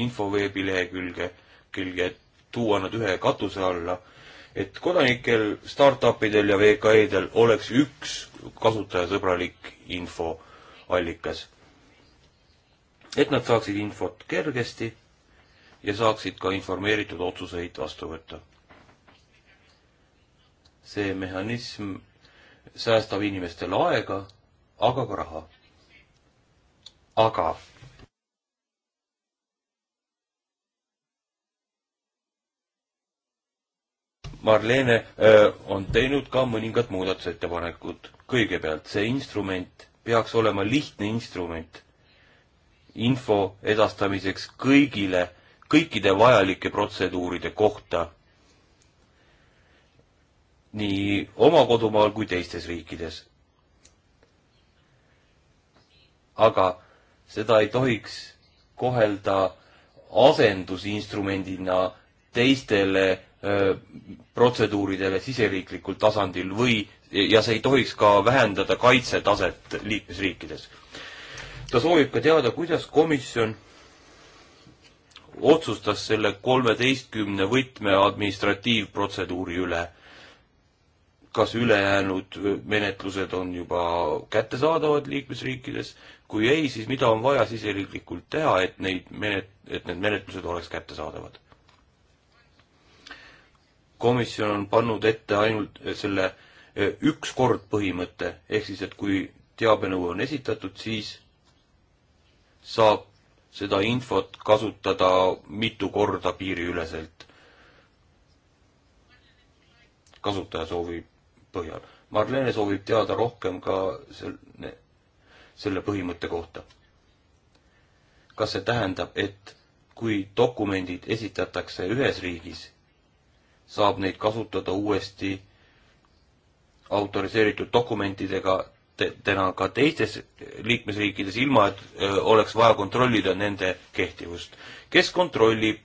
infoveebilehekülge, külge, tuua nad ühe katuse alla, et kodanikel, startupidel ja VKE-del oleks üks kasutajasõbralik infoallikas. et nad saaksid infot kergesti ja saaksid ka informeeritud otsuseid vastu võtta. see mehhanism säästab inimestele aega aga ka raha. aga Marlene öö, on teinud ka mõningad muudatusettepanekud. kõigepealt see instrument peaks olema lihtne instrument info edastamiseks kõigile, kõikide vajalike protseduuride kohta. nii oma kodumaal kui teistes riikides. aga seda ei tohiks kohelda asendusinstrumendina teistele öö, protseduuridele siseriiklikul tasandil või, ja see ei tohiks ka vähendada kaitsetaset liikmesriikides. ta soovib ka teada, kuidas komisjon otsustas selle kolmeteistkümne võtme administratiivprotseduuri üle. kas ülejäänud menetlused on juba kättesaadavad liikmesriikides kui ei, siis mida on vaja siseriiklikult teha, et neid menet-, et need menetlused oleks kättesaadavad? komisjon on pannud ette ainult eh, selle eh, üks kord põhimõte, ehk siis, et kui teabenõue on esitatud, siis saab seda infot kasutada mitu korda piiriüleselt kasutaja soovi põhjal. Marlene soovib teada rohkem ka selle selle põhimõtte kohta. kas see tähendab, et kui dokumendid esitatakse ühes riigis, saab neid kasutada uuesti autoriseeritud dokumentidega täna ka teistes liikmesriikides, ilma et oleks vaja kontrollida nende kehtivust. kes kontrollib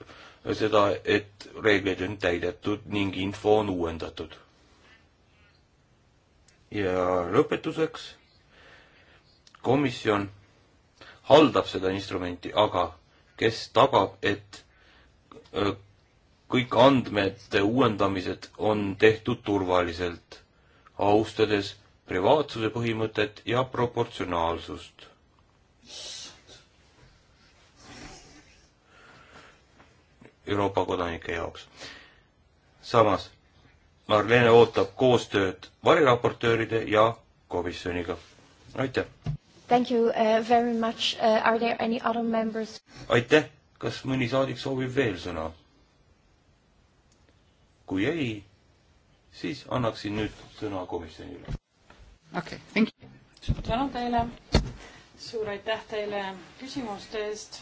seda, et reegleid on täidetud ning info on uuendatud? ja lõpetuseks komisjon haldab seda instrumenti, aga kes tagab, et kõik andmete uuendamised on tehtud turvaliselt, austades privaatsuse põhimõtet ja proportsionaalsust. Euroopa kodanike jaoks. samas Marlene ootab koostööd variraportööride ja komisjoniga. aitäh! Thank you uh, very much uh,. Are there any other members? aitäh, kas mõni saadik soovib veel sõna? kui ei, siis annaksin nüüd sõna komisjonile. okei okay,, thank you. suur tänu teile, suur aitäh teile küsimuste eest.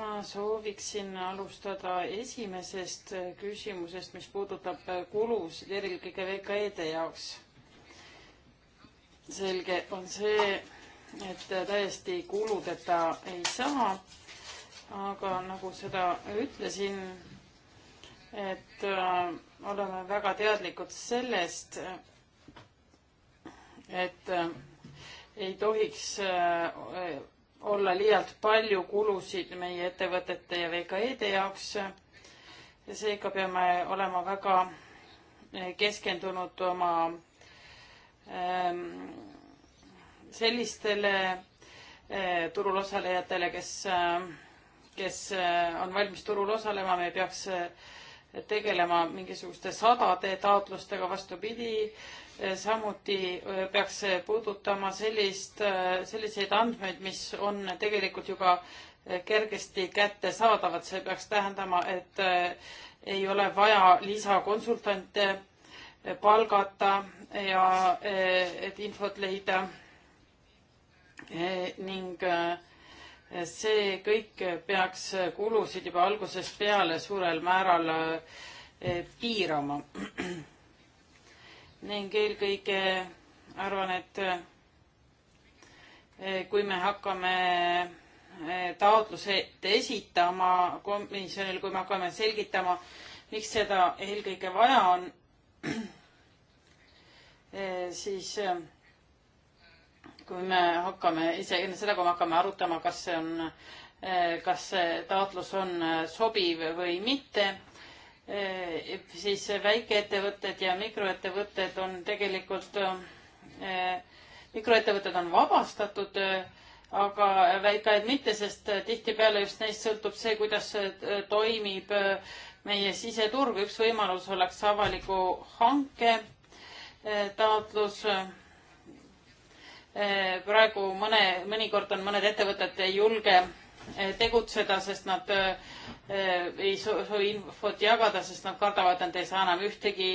ma sooviksin alustada esimesest küsimusest, mis puudutab kulusid eelkõige VKE-de jaoks selge on see, et täiesti kuludeta ei saa. aga nagu seda ütlesin, et äh, oleme väga teadlikud sellest, et äh, ei tohiks äh, olla liialt palju kulusid meie ettevõtete ja VKE-de jaoks. seega peame olema väga keskendunud oma Ähm, sellistele äh, turul osalejatele, kes, äh, kes äh, on valmis turul osalema, me ei peaks tegelema mingisuguste sadade taotlustega, vastupidi, samuti peaks see puudutama sellist, selliseid andmeid, mis on tegelikult juba kergesti kättesaadavad, see peaks tähendama, et ei ole vaja lisakonsultante palgata ja eh, et infot leida. Eh, ning eh, see kõik peaks kulusid juba algusest peale suurel määral piirama. ning eelkõige arvan, et kui me hakkame taotlused esitama komisjonil, kui me hakkame selgitama, miks seda eelkõige vaja on, Äh, siis äh, kui me hakkame, ise enne seda, kui me hakkame arutama, kas see on, äh, kas see taotlus on sobiv või mitte, siis väikeettevõtted ja mikroettevõtted on tegelikult, mikroettevõtted on vabastatud, aga väikajad mitte, sest tihtipeale just neist sõltub see, kuidas toimib meie siseturg. üks võimalus oleks avaliku hanke eh, taotlus. Eh, praegu mõne, mõnikord on mõned ettevõtted ei julge eh, tegutseda, sest nad ei soovi infot jagada, sest nad kardavad, et ei saa enam ühtegi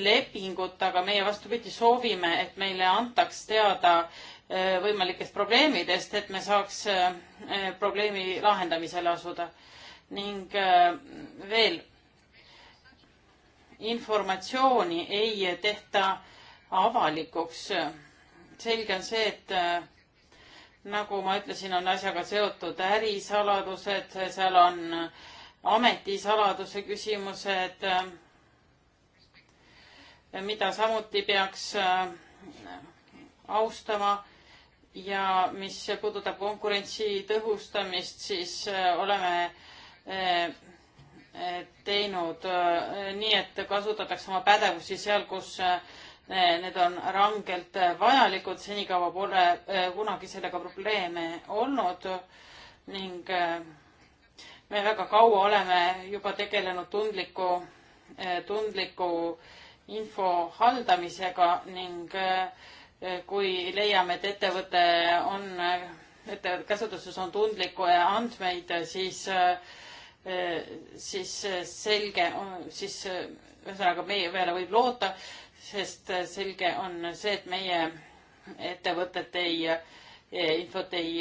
lepingut, aga meie vastupidi soovime, et meile antaks teada võimalikest probleemidest, et me saaks probleemi lahendamisele asuda ning äh, veel informatsiooni ei tehta avalikuks. selge on see, et äh, nagu ma ütlesin, on asjaga seotud ärisaladused, seal on ametisaladuse küsimused, äh, mida samuti peaks austama ja mis puudutab konkurentsi tõhustamist, siis oleme Eh, teinud, eh, nii et kasutatakse oma pädevusi seal, kus eh, need on rangelt vajalikud, senikaua pole kunagi sellega probleeme olnud ning me väga kaua oleme juba tegelenud tundliku, tundliku info haldamisega ning kui leiame, et ettevõte on, ettevõtte käsutuses on tundlikke andmeid, siis äh, Äh, siis äh, selge, siis äh, ühesõnaga meie peale võib loota, sest selge on see, et meie ettevõtted ei, infot ei,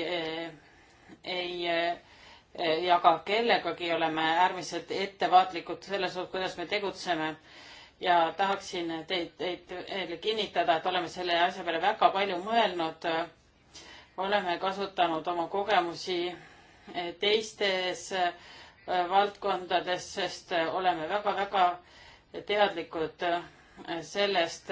ei, ei jaga kellegagi, oleme äärmiselt ettevaatlikud selles osas, kuidas me tegutseme. ja tahaksin teid, teid kinnitada, et oleme selle asja peale väga palju mõelnud. oleme kasutanud oma kogemusi teistes äh, Äh, valdkondades, sest äh, oleme väga-väga teadlikud äh, sellest,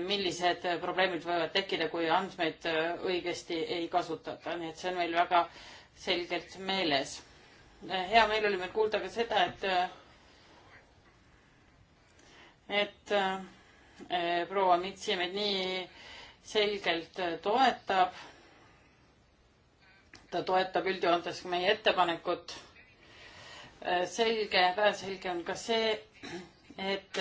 millised probleemid võivad tekkida, kui andmeid õigesti ei kasutata, nii et see on meil väga selgelt meeles. hea meel oli meil kuulda ka seda, et et proua Mitsi meid nii selgelt toetab. ta toetab üldjoontes meie ettepanekut Äh, selge, päevselge on ka see, et,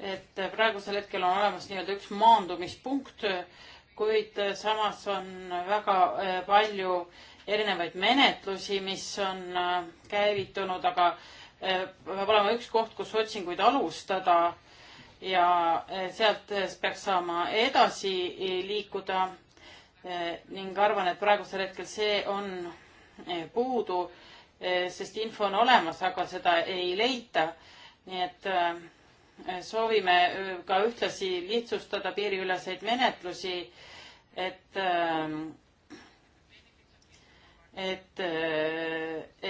et praegusel hetkel on olemas nii-öelda üks maandumispunkt, kuid samas on väga äh, palju erinevaid menetlusi, mis on äh, käivitunud, aga peab olema üks koht, kus otsinguid alustada ja sealt peaks saama edasi liikuda ning arvan, et praegusel hetkel see on puudu Eh, sest info on olemas, aga seda ei leita. nii et eh, soovime eh, ka ühtlasi lihtsustada piiriüleseid menetlusi, et, et,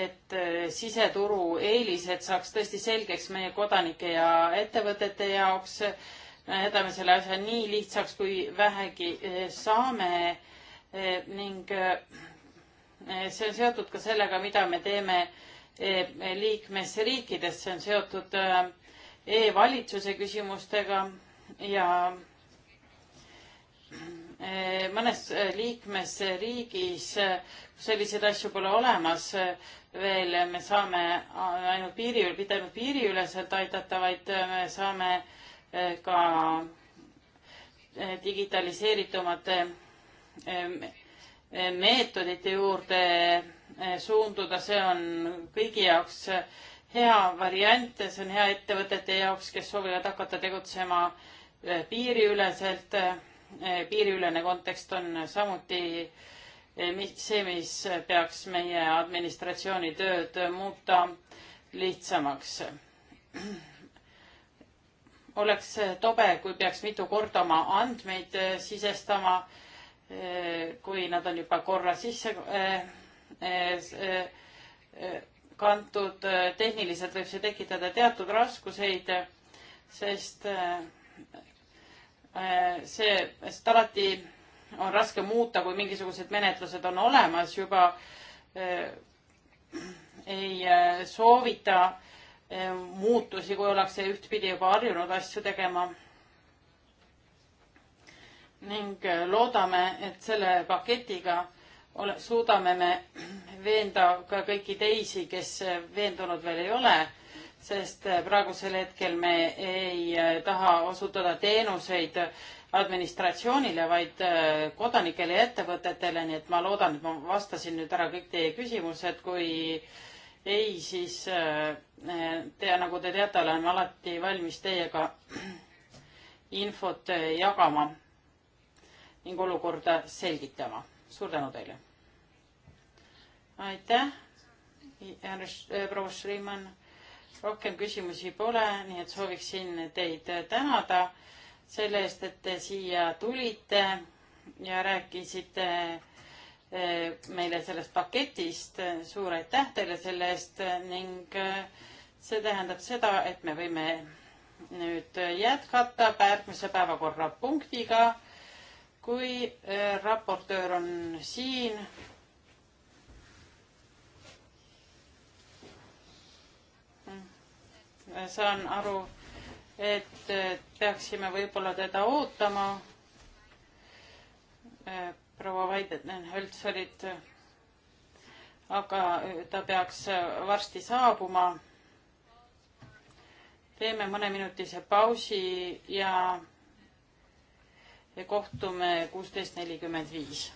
et siseturu eelised saaks tõesti selgeks meie kodanike ja ettevõtete jaoks. me jätame selle asja nii lihtsaks, kui vähegi saame ning Eh, see on seotud ka sellega, mida me teeme eh, liikmesriikides, see on seotud eh, e-valitsuse küsimustega ja mõnes liikmesriigis selliseid asju pole olemas veel, me saame ainult piiri, mitte ainult piiriüleselt aidata, vaid me saame ka digitaliseeritumate meetodite juurde eh, suunduda, see on kõigi jaoks hea variant, see on hea ettevõtete jaoks, kes soovivad hakata tegutsema eh, piiriüleselt. Eh, piiriülene kontekst on samuti see, mis peaks meie administratsiooni tööd muuta lihtsamaks. oleks tobe, kui peaks mitu korda oma andmeid sisestama Eh, kui nad on juba korra sisse eh, eh, kantud, tehniliselt võib see tekitada teatud raskuseid, sest see, sest alati on raske muuta, kui mingisugused menetlused on olemas juba, ei soovita muutusi, kui ollakse ühtpidi juba harjunud asju tegema ning äh, loodame, et selle paketiga ole, suudame me veenda ka kõiki teisi, kes äh, veendunud veel ei ole, sest äh, praegusel hetkel me ei taha osutada teenuseid administratsioonile, vaid kodanikele ja ettevõtetele, nii et ma loodan, et ma vastasin nüüd ära kõik teie küsimused, kui ei, siis te, nagu te teate, oleme alati valmis teiega infot jagama ning olukorda selgitama. suur tänu teile. aitäh, äh, proua Šriman. rohkem küsimusi pole, nii et sooviksin teid tänada selle eest, et te siia tulite ja rääkisite äh, meile sellest paketist. suur aitäh teile selle eest ning äh, see tähendab seda, et me võime nüüd jätkata järgmise päevakorrapunktiga kui eh, raportöör on siin, mm. saan aru, et eh, peaksime võib-olla teda ootama. Eh, proua Vaidetnen-Hölts olid, aga ta peaks varsti saabuma. teeme mõneminutise pausi ja ja kohtume kuusteist nelikümmend viis.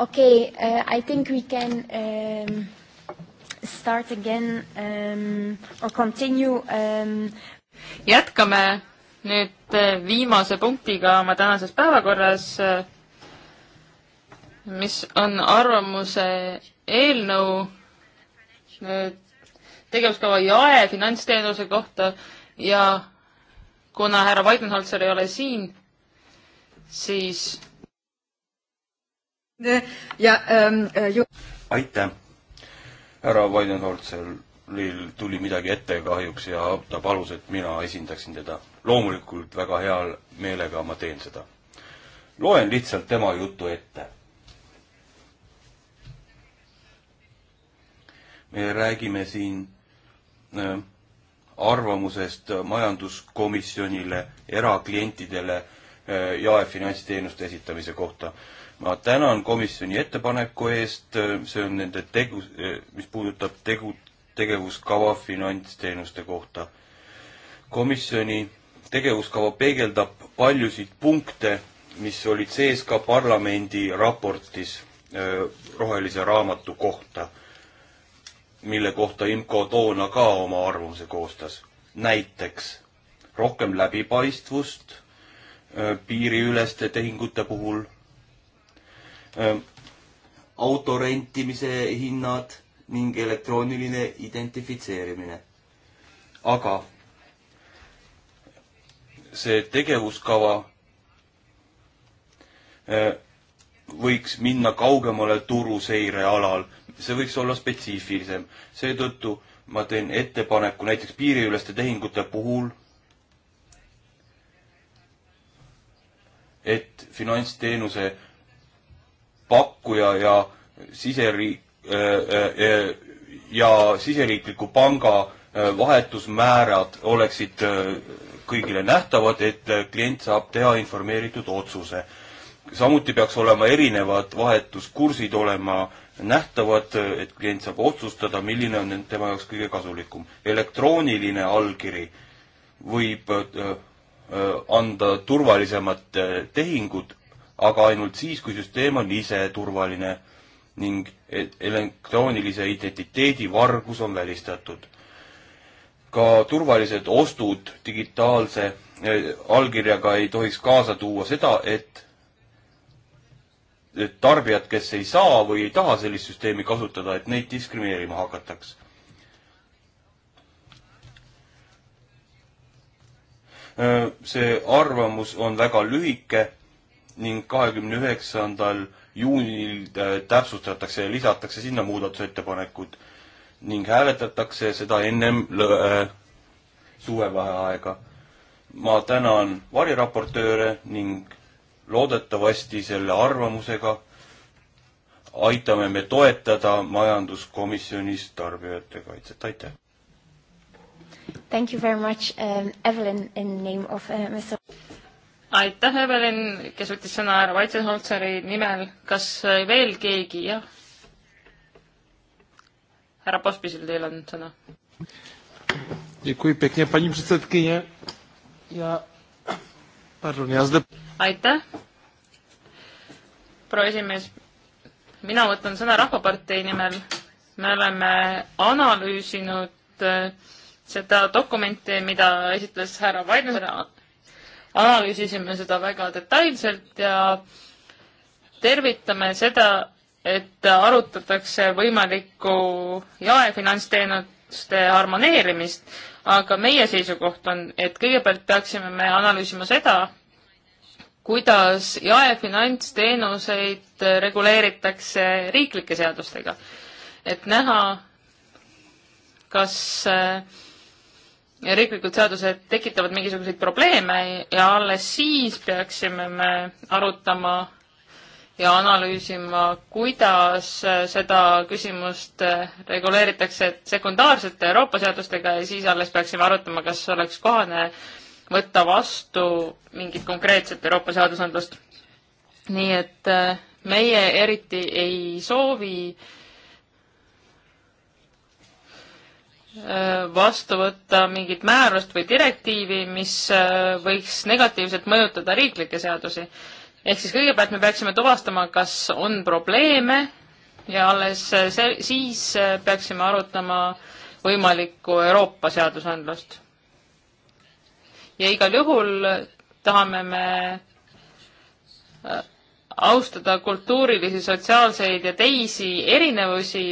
Okay, uh, I think we can um, start again um, or continue um.... jätkame nüüd äh, viimase punktiga oma tänases päevakorras, äh, mis on arvamuse eelnõu äh, tegevuskava jae finantsteenuse kohta ja kuna härra Weidenholzer ei ole siin, siis ja ähm, äh, ju-. aitäh! härra Weidenholzeril tuli midagi ette kahjuks ja ta palus, et mina esindaksin teda. loomulikult väga heal meelega ma teen seda. loen lihtsalt tema jutu ette. me räägime siin äh, arvamusest majanduskomisjonile, eraklientidele äh, jaefinantsteenuste esitamise kohta ma tänan komisjoni ettepaneku eest, see on nende tegu, mis puudutab tegu, tegevuskava finantsteenuste kohta. komisjoni tegevuskava peegeldab paljusid punkte, mis olid sees ka parlamendi raportis rohelise raamatu kohta, mille kohta IMCO toona ka oma arvamuse koostas. näiteks rohkem läbipaistvust piiriüleste tehingute puhul auto rentimise hinnad ning elektrooniline identifitseerimine. aga see tegevuskava võiks minna kaugemale turuseirealal, see võiks olla spetsiifilisem. seetõttu ma teen ettepaneku näiteks piiriüleste tehingute puhul, et finantsteenuse pakkuja ja siseriik- äh, äh, äh, ja siseriikliku panga vahetusmäärad oleksid kõigile nähtavad, et klient saab teha informeeritud otsuse. samuti peaks olema erinevad vahetuskursid olema nähtavad, et klient saab otsustada, milline on tema jaoks kõige kasulikum. elektrooniline allkiri võib anda turvalisemad tehingud aga ainult siis, kui süsteem on ise turvaline ning e- elektroonilise identiteedi vargus on välistatud. ka turvalised ostud digitaalse e, allkirjaga ei tohiks kaasa tuua seda, et et tarbijad, kes ei saa või ei taha sellist süsteemi kasutada, et neid diskrimineerima hakataks. see arvamus on väga lühike ning kahekümne üheksandal juunil äh, täpsustatakse ja lisatakse sinna muudatusettepanekud ning hääletatakse seda ennem lõ-, äh, suvevaheaega. ma tänan variraportööre ning loodetavasti selle arvamusega aitame me toetada majanduskomisjonis tarbijate kaitset, aitäh! Thank you very much um,, Evelyn, in name of uh, Mr aitäh, Evelyn, kes võttis sõna härra Weizenholzeri nimel. kas äh, veel keegi, jah? härra Pospisil, teil on sõna. aitäh, proua esimees. mina võtan sõna Rahvapartei nimel. me oleme analüüsinud äh, seda dokumenti, mida esitles härra Weizenholzer analüüsisime seda väga detailselt ja tervitame seda, et arutatakse võimalikku jaefinantsteenuste harmoneerimist, aga meie seisukoht on, et kõigepealt peaksime me analüüsima seda, kuidas jaefinantsteenuseid reguleeritakse riiklike seadustega, et näha, kas äh, riiklikud seadused tekitavad mingisuguseid probleeme ja alles siis peaksime me arutama ja analüüsima, kuidas seda küsimust reguleeritakse sekundaarsete Euroopa seadustega ja siis alles peaksime arutama, kas oleks kohane võtta vastu mingit konkreetset Euroopa seadusandlust. nii et äh, meie eriti ei soovi äh, Äh, vastu võtta mingit määrust või direktiivi, mis äh, võiks negatiivselt mõjutada riiklikke seadusi. ehk siis kõigepealt me peaksime tuvastama, kas on probleeme ja alles äh, see, siis peaksime arutama võimalikku Euroopa seadusandlust. ja igal juhul tahame me austada kultuurilisi, sotsiaalseid ja teisi erinevusi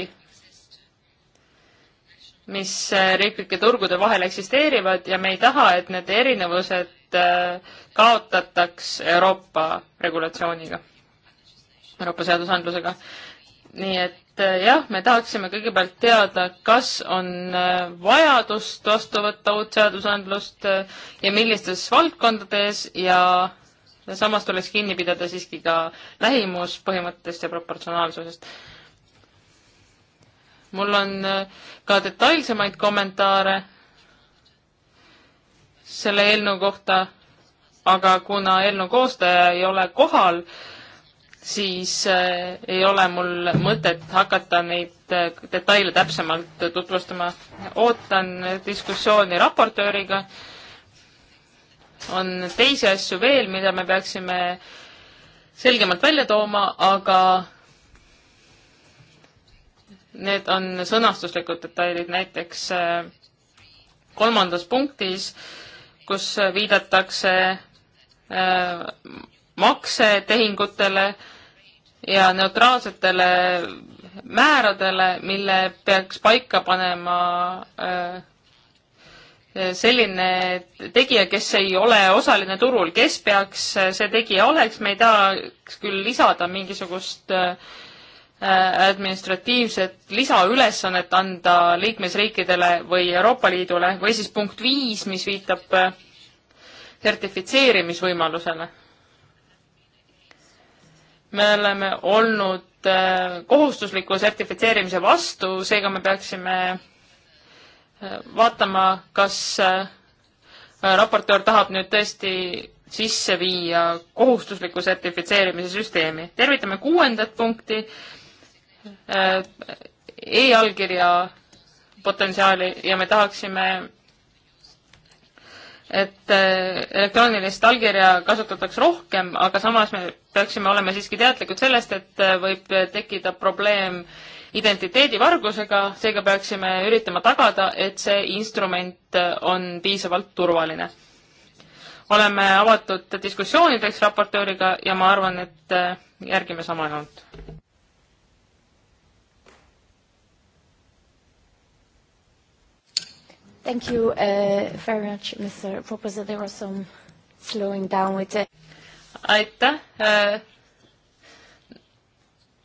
mis äh, riiklike turgude vahel eksisteerivad ja me ei taha, et need erinevused äh, kaotataks Euroopa regulatsiooniga, Euroopa seadusandlusega. nii et äh, jah, me tahaksime kõigepealt teada, kas on vajadust vastu võtta uut seadusandlust ja millistes valdkondades ja samas tuleks kinni pidada siiski ka lähimuspõhimõttest ja proportsionaalsusest mul on äh, ka detailsemaid kommentaare selle eelnõu kohta, aga kuna eelnõu koostaja ei ole kohal, siis äh, ei ole mul mõtet hakata neid äh, detaile täpsemalt tutvustama. ootan diskussiooni raportööriga. on teisi asju veel, mida me peaksime selgemalt välja tooma, aga need on sõnastuslikud detailid, näiteks äh, kolmandas punktis, kus viidatakse äh, maksetehingutele ja neutraalsetele määradele, mille peaks paika panema äh, selline tegija, kes ei ole osaline turul, kes peaks see tegija oleks, me ei tahaks küll lisada mingisugust äh, Äh, administratiivset lisaülesannet anda liikmesriikidele või Euroopa Liidule või siis punkt viis, mis viitab äh, sertifitseerimisvõimalusele. me oleme olnud äh, kohustusliku sertifitseerimise vastu, seega me peaksime vaatama, kas raportöör tahab nüüd tõesti sisse viia kohustusliku sertifitseerimise süsteemi. tervitame kuuendat punkti, Äh, e-allkirja potentsiaali ja me tahaksime, et äh, elektroonilist allkirja kasutatakse rohkem, aga samas me peaksime olema siiski teadlikud sellest, et äh, võib tekkida probleem identiteedivargusega, seega peaksime üritama tagada, et see instrument on piisavalt turvaline. oleme avatud diskussioonideks raportööriga ja ma arvan, et järgime sama joont. Thank you uh, very much, Mr Proposal, there was some slowing down with the aitäh äh,!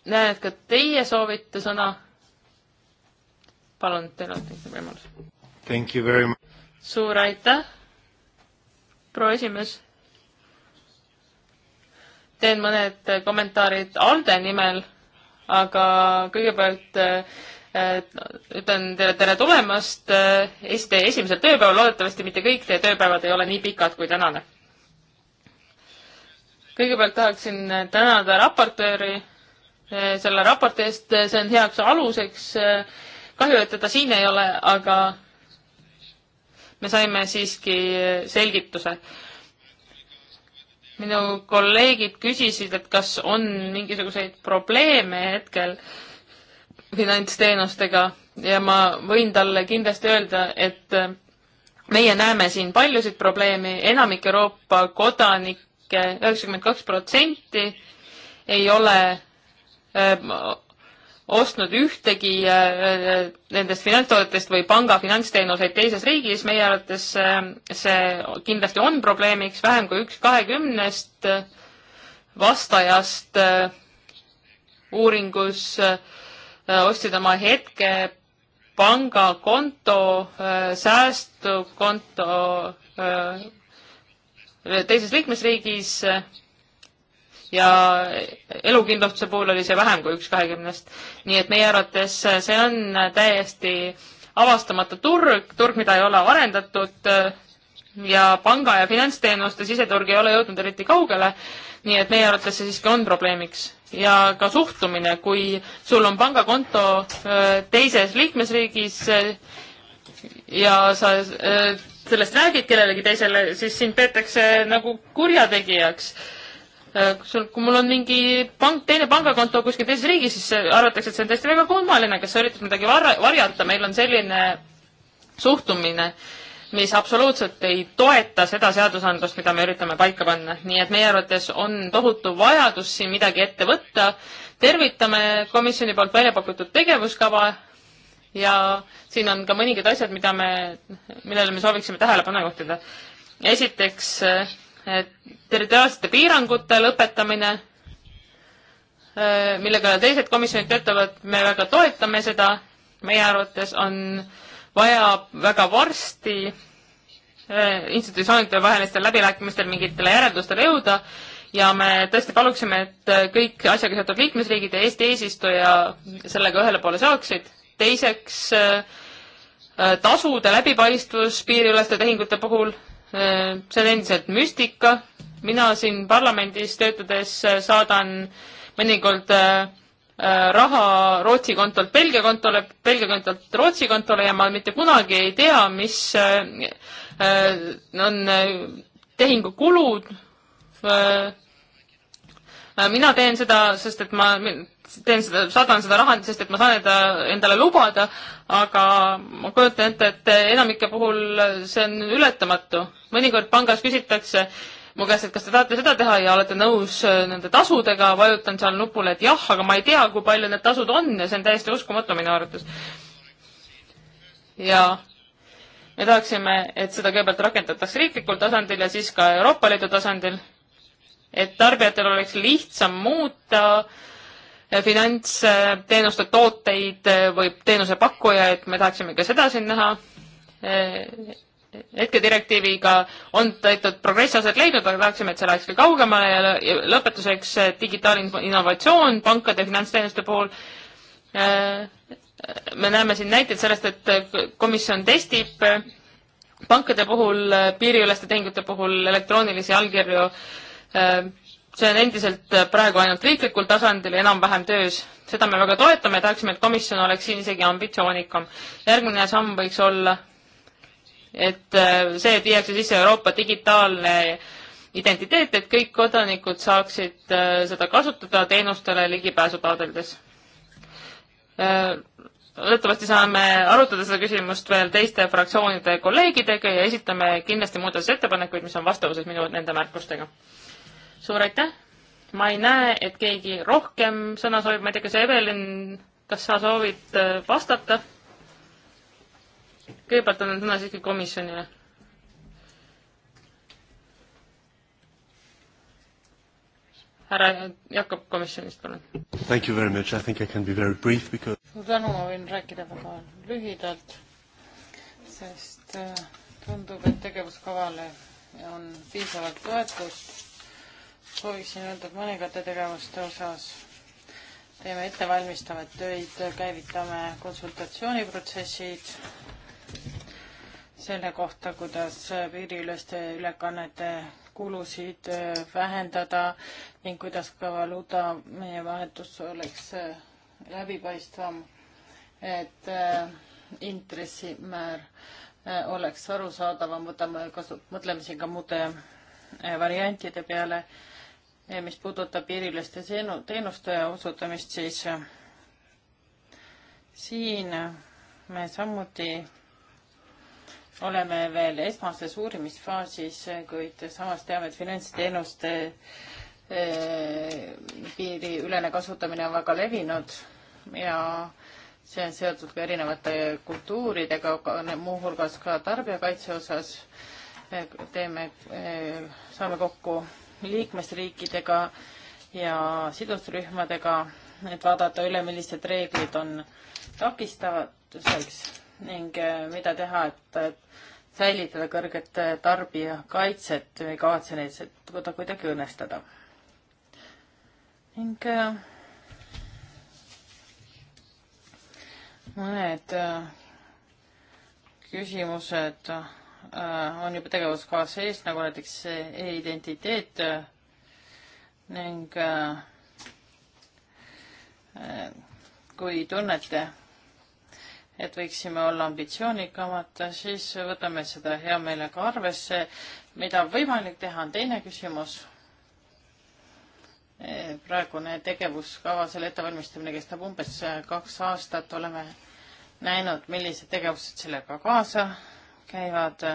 näen, et ka teie soovite sõna. palun, teil on võimalus. Thank you very much. suur aitäh, proua esimees. teen mõned kommentaarid ALDE nimel, aga kõigepealt äh, ütlen teile tere tulemast Eesti eh, esimesel tööpäeval, loodetavasti mitte kõik teie tööpäevad ei ole nii pikad kui tänane. kõigepealt tahaksin tänada raportööri eh, selle raporti eest, see on heaks aluseks. Eh, kahju, et teda siin ei ole, aga me saime siiski selgituse. minu kolleegid küsisid, et kas on mingisuguseid probleeme hetkel äh, finantsteenustega ja ma võin talle kindlasti öelda, et äh, meie näeme siin paljusid probleeme, enamik Euroopa kodanikke, üheksakümmend kaks protsenti, ei ole öö, äh, ostnud ühtegi öö, äh, nendest finantstoodetest või panga finantsteenuseid teises riigis, meie arvates see kindlasti on probleemiks, vähem kui üks kahekümnest vastajast öö, uuringus äh, Äh, ostsid oma hetke pangakonto, äh, säästukonto äh, teises liikmesriigis ja elukindlustuse puhul oli see vähem kui üks kahekümnest. nii et meie arvates see on täiesti avastamata turg, turg, mida ei ole arendatud, ja panga ja finantsteenuste siseturg ei ole jõudnud eriti kaugele, nii et meie arvates see siiski on probleemiks. ja ka suhtumine, kui sul on pangakonto äh, teises liikmesriigis äh, ja sa äh, sellest räägid kellelegi teisele, siis sind peetakse nagu kurjategijaks. sul, kui mul on mingi pank, teine pangakonto kuskil teises riigis, siis arvatakse, et see on tõesti väga kummaline, kas sa üritad midagi varjata, meil on selline suhtumine mis absoluutselt ei toeta seda seadusandlust, mida me üritame paika panna. nii et meie arvates on tohutu vajadus siin midagi ette võtta. tervitame komisjoni poolt välja pakutud tegevuskava ja siin on ka mõningad asjad, mida me, millele me sooviksime tähelepanu juhtida. esiteks eh, territoriaalsete piirangute lõpetamine, eh, millega teised komisjonid töötavad, me väga toetame seda meie arvates on vajab väga varsti eh, institutsioonide vahelistel läbirääkimistel mingitele järeldustele jõuda ja me tõesti paluksime, et eh, kõik asjaga seotud liikmesriigid ja Eesti eesistuja sellega ühele poole saaksid. teiseks, eh, tasude läbipaistvus piiriüleste tehingute puhul, see on endiselt müstika. mina siin parlamendis töötades saadan mõnikord äh, Äh, raha Rootsi kontolt Belgia kontole, Belgia kontolt Rootsi kontole ja ma mitte kunagi ei tea, mis äh, äh, on tehingu kulud. mina teen seda, sest et ma teen seda, saadan seda raha, sest et ma saan seda endale lubada, aga ma kujutan ette, et enamike puhul see on ületamatu. mõnikord pangas küsitakse äh, mu käest, et kas te tahate seda teha ja olete nõus äh, nende tasudega, vajutan seal nupule, et jah, aga ma ei tea, kui palju need tasud on ja see on täiesti uskumatu minu arvates. ja me tahaksime, et seda kõigepealt rakendataks riiklikul tasandil ja siis ka Euroopa Liidu tasandil, et tarbijatel oleks lihtsam muuta äh, finantsteenuste tooteid äh, või teenusepakkujaid, me tahaksime ka seda siin näha hetkedirektiiviga on tehtud progressi aset leidnud, aga tahaksime, et see läheks veel kaugemale ja, ja lõpetuseks eh, digitaalne innovatsioon pankade ja finantsteenuste puhul. Eh, me näeme siin näiteid sellest, et eh, komisjon testib pankade puhul, piiriüleste tehingute puhul elektroonilisi allkirju. see on endiselt praegu ainult riiklikul tasandil enam-vähem töös. seda me väga toetame ja tahaksime, et komisjon oleks siin isegi ambitsioonikam. järgmine samm võiks olla et äh, see, et viiakse sisse Euroopa digitaalne identiteet, et kõik kodanikud saaksid äh, seda kasutada teenustele ligipääsu taotledes. Äh, loodetavasti saame arutada seda küsimust veel teiste fraktsioonide kolleegidega ja esitame kindlasti muudatusettepanekuid, mis on vastavuses minu nende märkustega. suur aitäh! ma ei näe, et keegi rohkem sõna soovib, ma ei tea, kas Evelin, kas sa soovid vastata? kõigepealt annan sõna siiski komisjonile. härra Jakob komisjonist, palun. Thank you very much, I think I can be very brief because suur tänu, ma võin rääkida väga lühidalt, sest äh, tundub, et tegevuskavale on piisavalt toetust. sooviksin öelda, et mõningate tegevuste osas teeme ettevalmistavaid töid, käivitame konsultatsiooniprotsessid selle kohta, kuidas piiriüleste ülekannete kulusid äh, vähendada ning kuidas ka valuuta meie vahetus oleks äh, läbipaistvam, et äh, intressimäär oleks arusaadavam, võtame kasu, mõtleme siin ka muude variantide peale. mis puudutab piiriüleste teenuste osutamist, siis siin me samuti oleme veel esmases uurimisfaasis, kuid samas teame, et finantsteenuste eh, piiriülene kasutamine on väga levinud ja see on seotud ka erinevate kultuuridega, muuhulgas ka tarbijakaitse osas. teeme, eh, saame kokku liikmesriikidega ja sidusrühmadega, et vaadata üle, millised reeglid on takistavaks ning äh, mida teha, et säilitada kõrget äh, tarbijakaitset, ei kavatse neid seda kuidagi õnnestada. ning äh, mõned küsimused on juba tegevuskavas sees, nagu näiteks e-identiteet ning kui tunnete et võiksime olla ambitsioonikamad, siis võtame seda hea meelega arvesse. mida on võimalik teha, on teine küsimus. E, praegune tegevuskava, selle ettevalmistamine kestab umbes kaks aastat, oleme näinud, millised tegevused sellega kaasa käivad.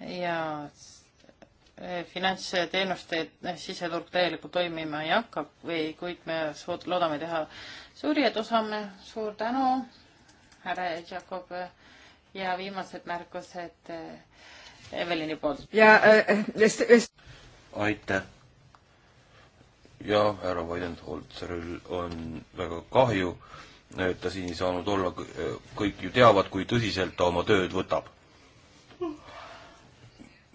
ja finantsteenuste siseturg täielikult toimima ei hakka või kuid me loodame teha suuri edusamme. suur tänu, härra Jakob ja viimased märkused eh, Evelini poolt. ja äh, eh, vest, vest. aitäh. ja härra Weidenholzeril on väga kahju, et ta siin ei saanud olla. kõik ju teavad, kui tõsiselt ta oma tööd võtab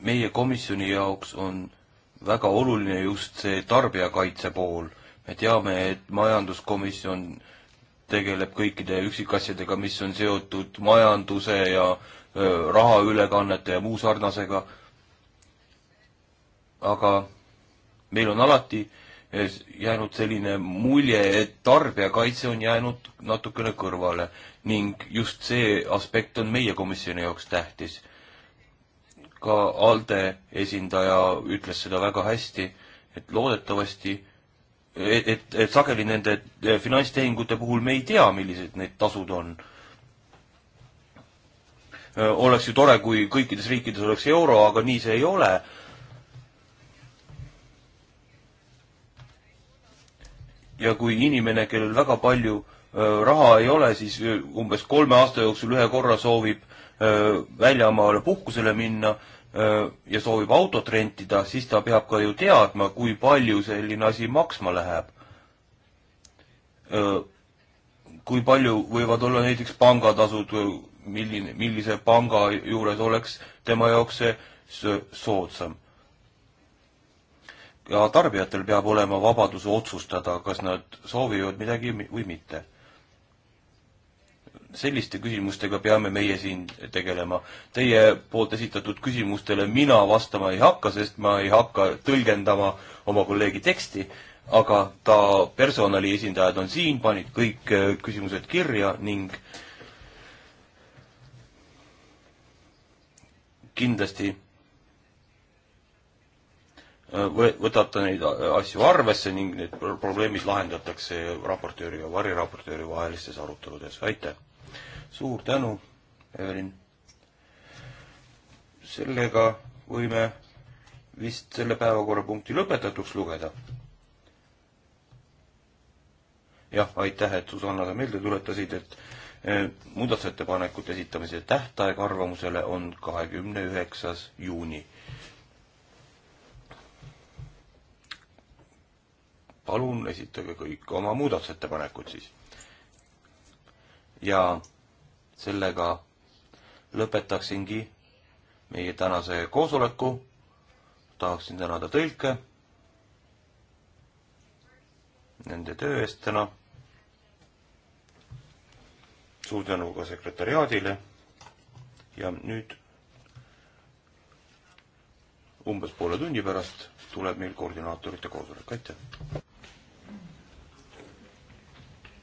meie komisjoni jaoks on väga oluline just see tarbijakaitse pool. me teame, et majanduskomisjon tegeleb kõikide üksikasjadega, mis on seotud majanduse ja rahaülekannete ja muu sarnasega. aga meil on alati jäänud selline mulje, et tarbijakaitse on jäänud natukene kõrvale ning just see aspekt on meie komisjoni jaoks tähtis ka ALDE esindaja ütles seda väga hästi, et loodetavasti, et, et, et sageli nende eh, finantstehingute puhul me ei tea, millised need tasud on. Eh, oleks ju tore, kui kõikides riikides oleks euro, aga nii see ei ole ja kui inimene, kellel väga palju öö, eh, raha ei ole, siis öö, umbes kolme aasta jooksul ühe korra soovib Äh, väljamaale puhkusele minna äh, ja soovib autot rentida, siis ta peab ka ju teadma, kui palju selline asi maksma läheb. Äh, kui palju võivad olla näiteks pangatasud, milline, millise panga juures oleks tema jaoks see soodsam. ja tarbijatel peab olema vabadus otsustada, kas nad soovivad midagi või mitte selliste küsimustega peame meie siin tegelema. Teie poolt esitatud küsimustele mina vastama ei hakka, sest ma ei hakka tõlgendama oma kolleegi teksti, aga ta personali esindajad on siin, panid kõik äh, küsimused kirja ning kindlasti äh, võtab ta neid äh, asju arvesse ning need probleemid lahendatakse raportööri ja variraportööri vahelistes aruteludes, aitäh! suur tänu, Evelin. sellega võime vist selle päevakorrapunkti lõpetatuks lugeda. jah, aitäh, et Susanna, sa meelde tuletasid, et eh, muudatusettepanekute esitamise tähtaeg arvamusele on kahekümne üheksas juuni. palun esitage kõik oma muudatusettepanekud siis. ja sellega lõpetaksingi meie tänase koosoleku. tahaksin tänada tõlke nende töö eest täna. suur tänu ka sekretäriaadile. ja nüüd umbes poole tunni pärast tuleb meil koordinaatorite koosolek, aitäh!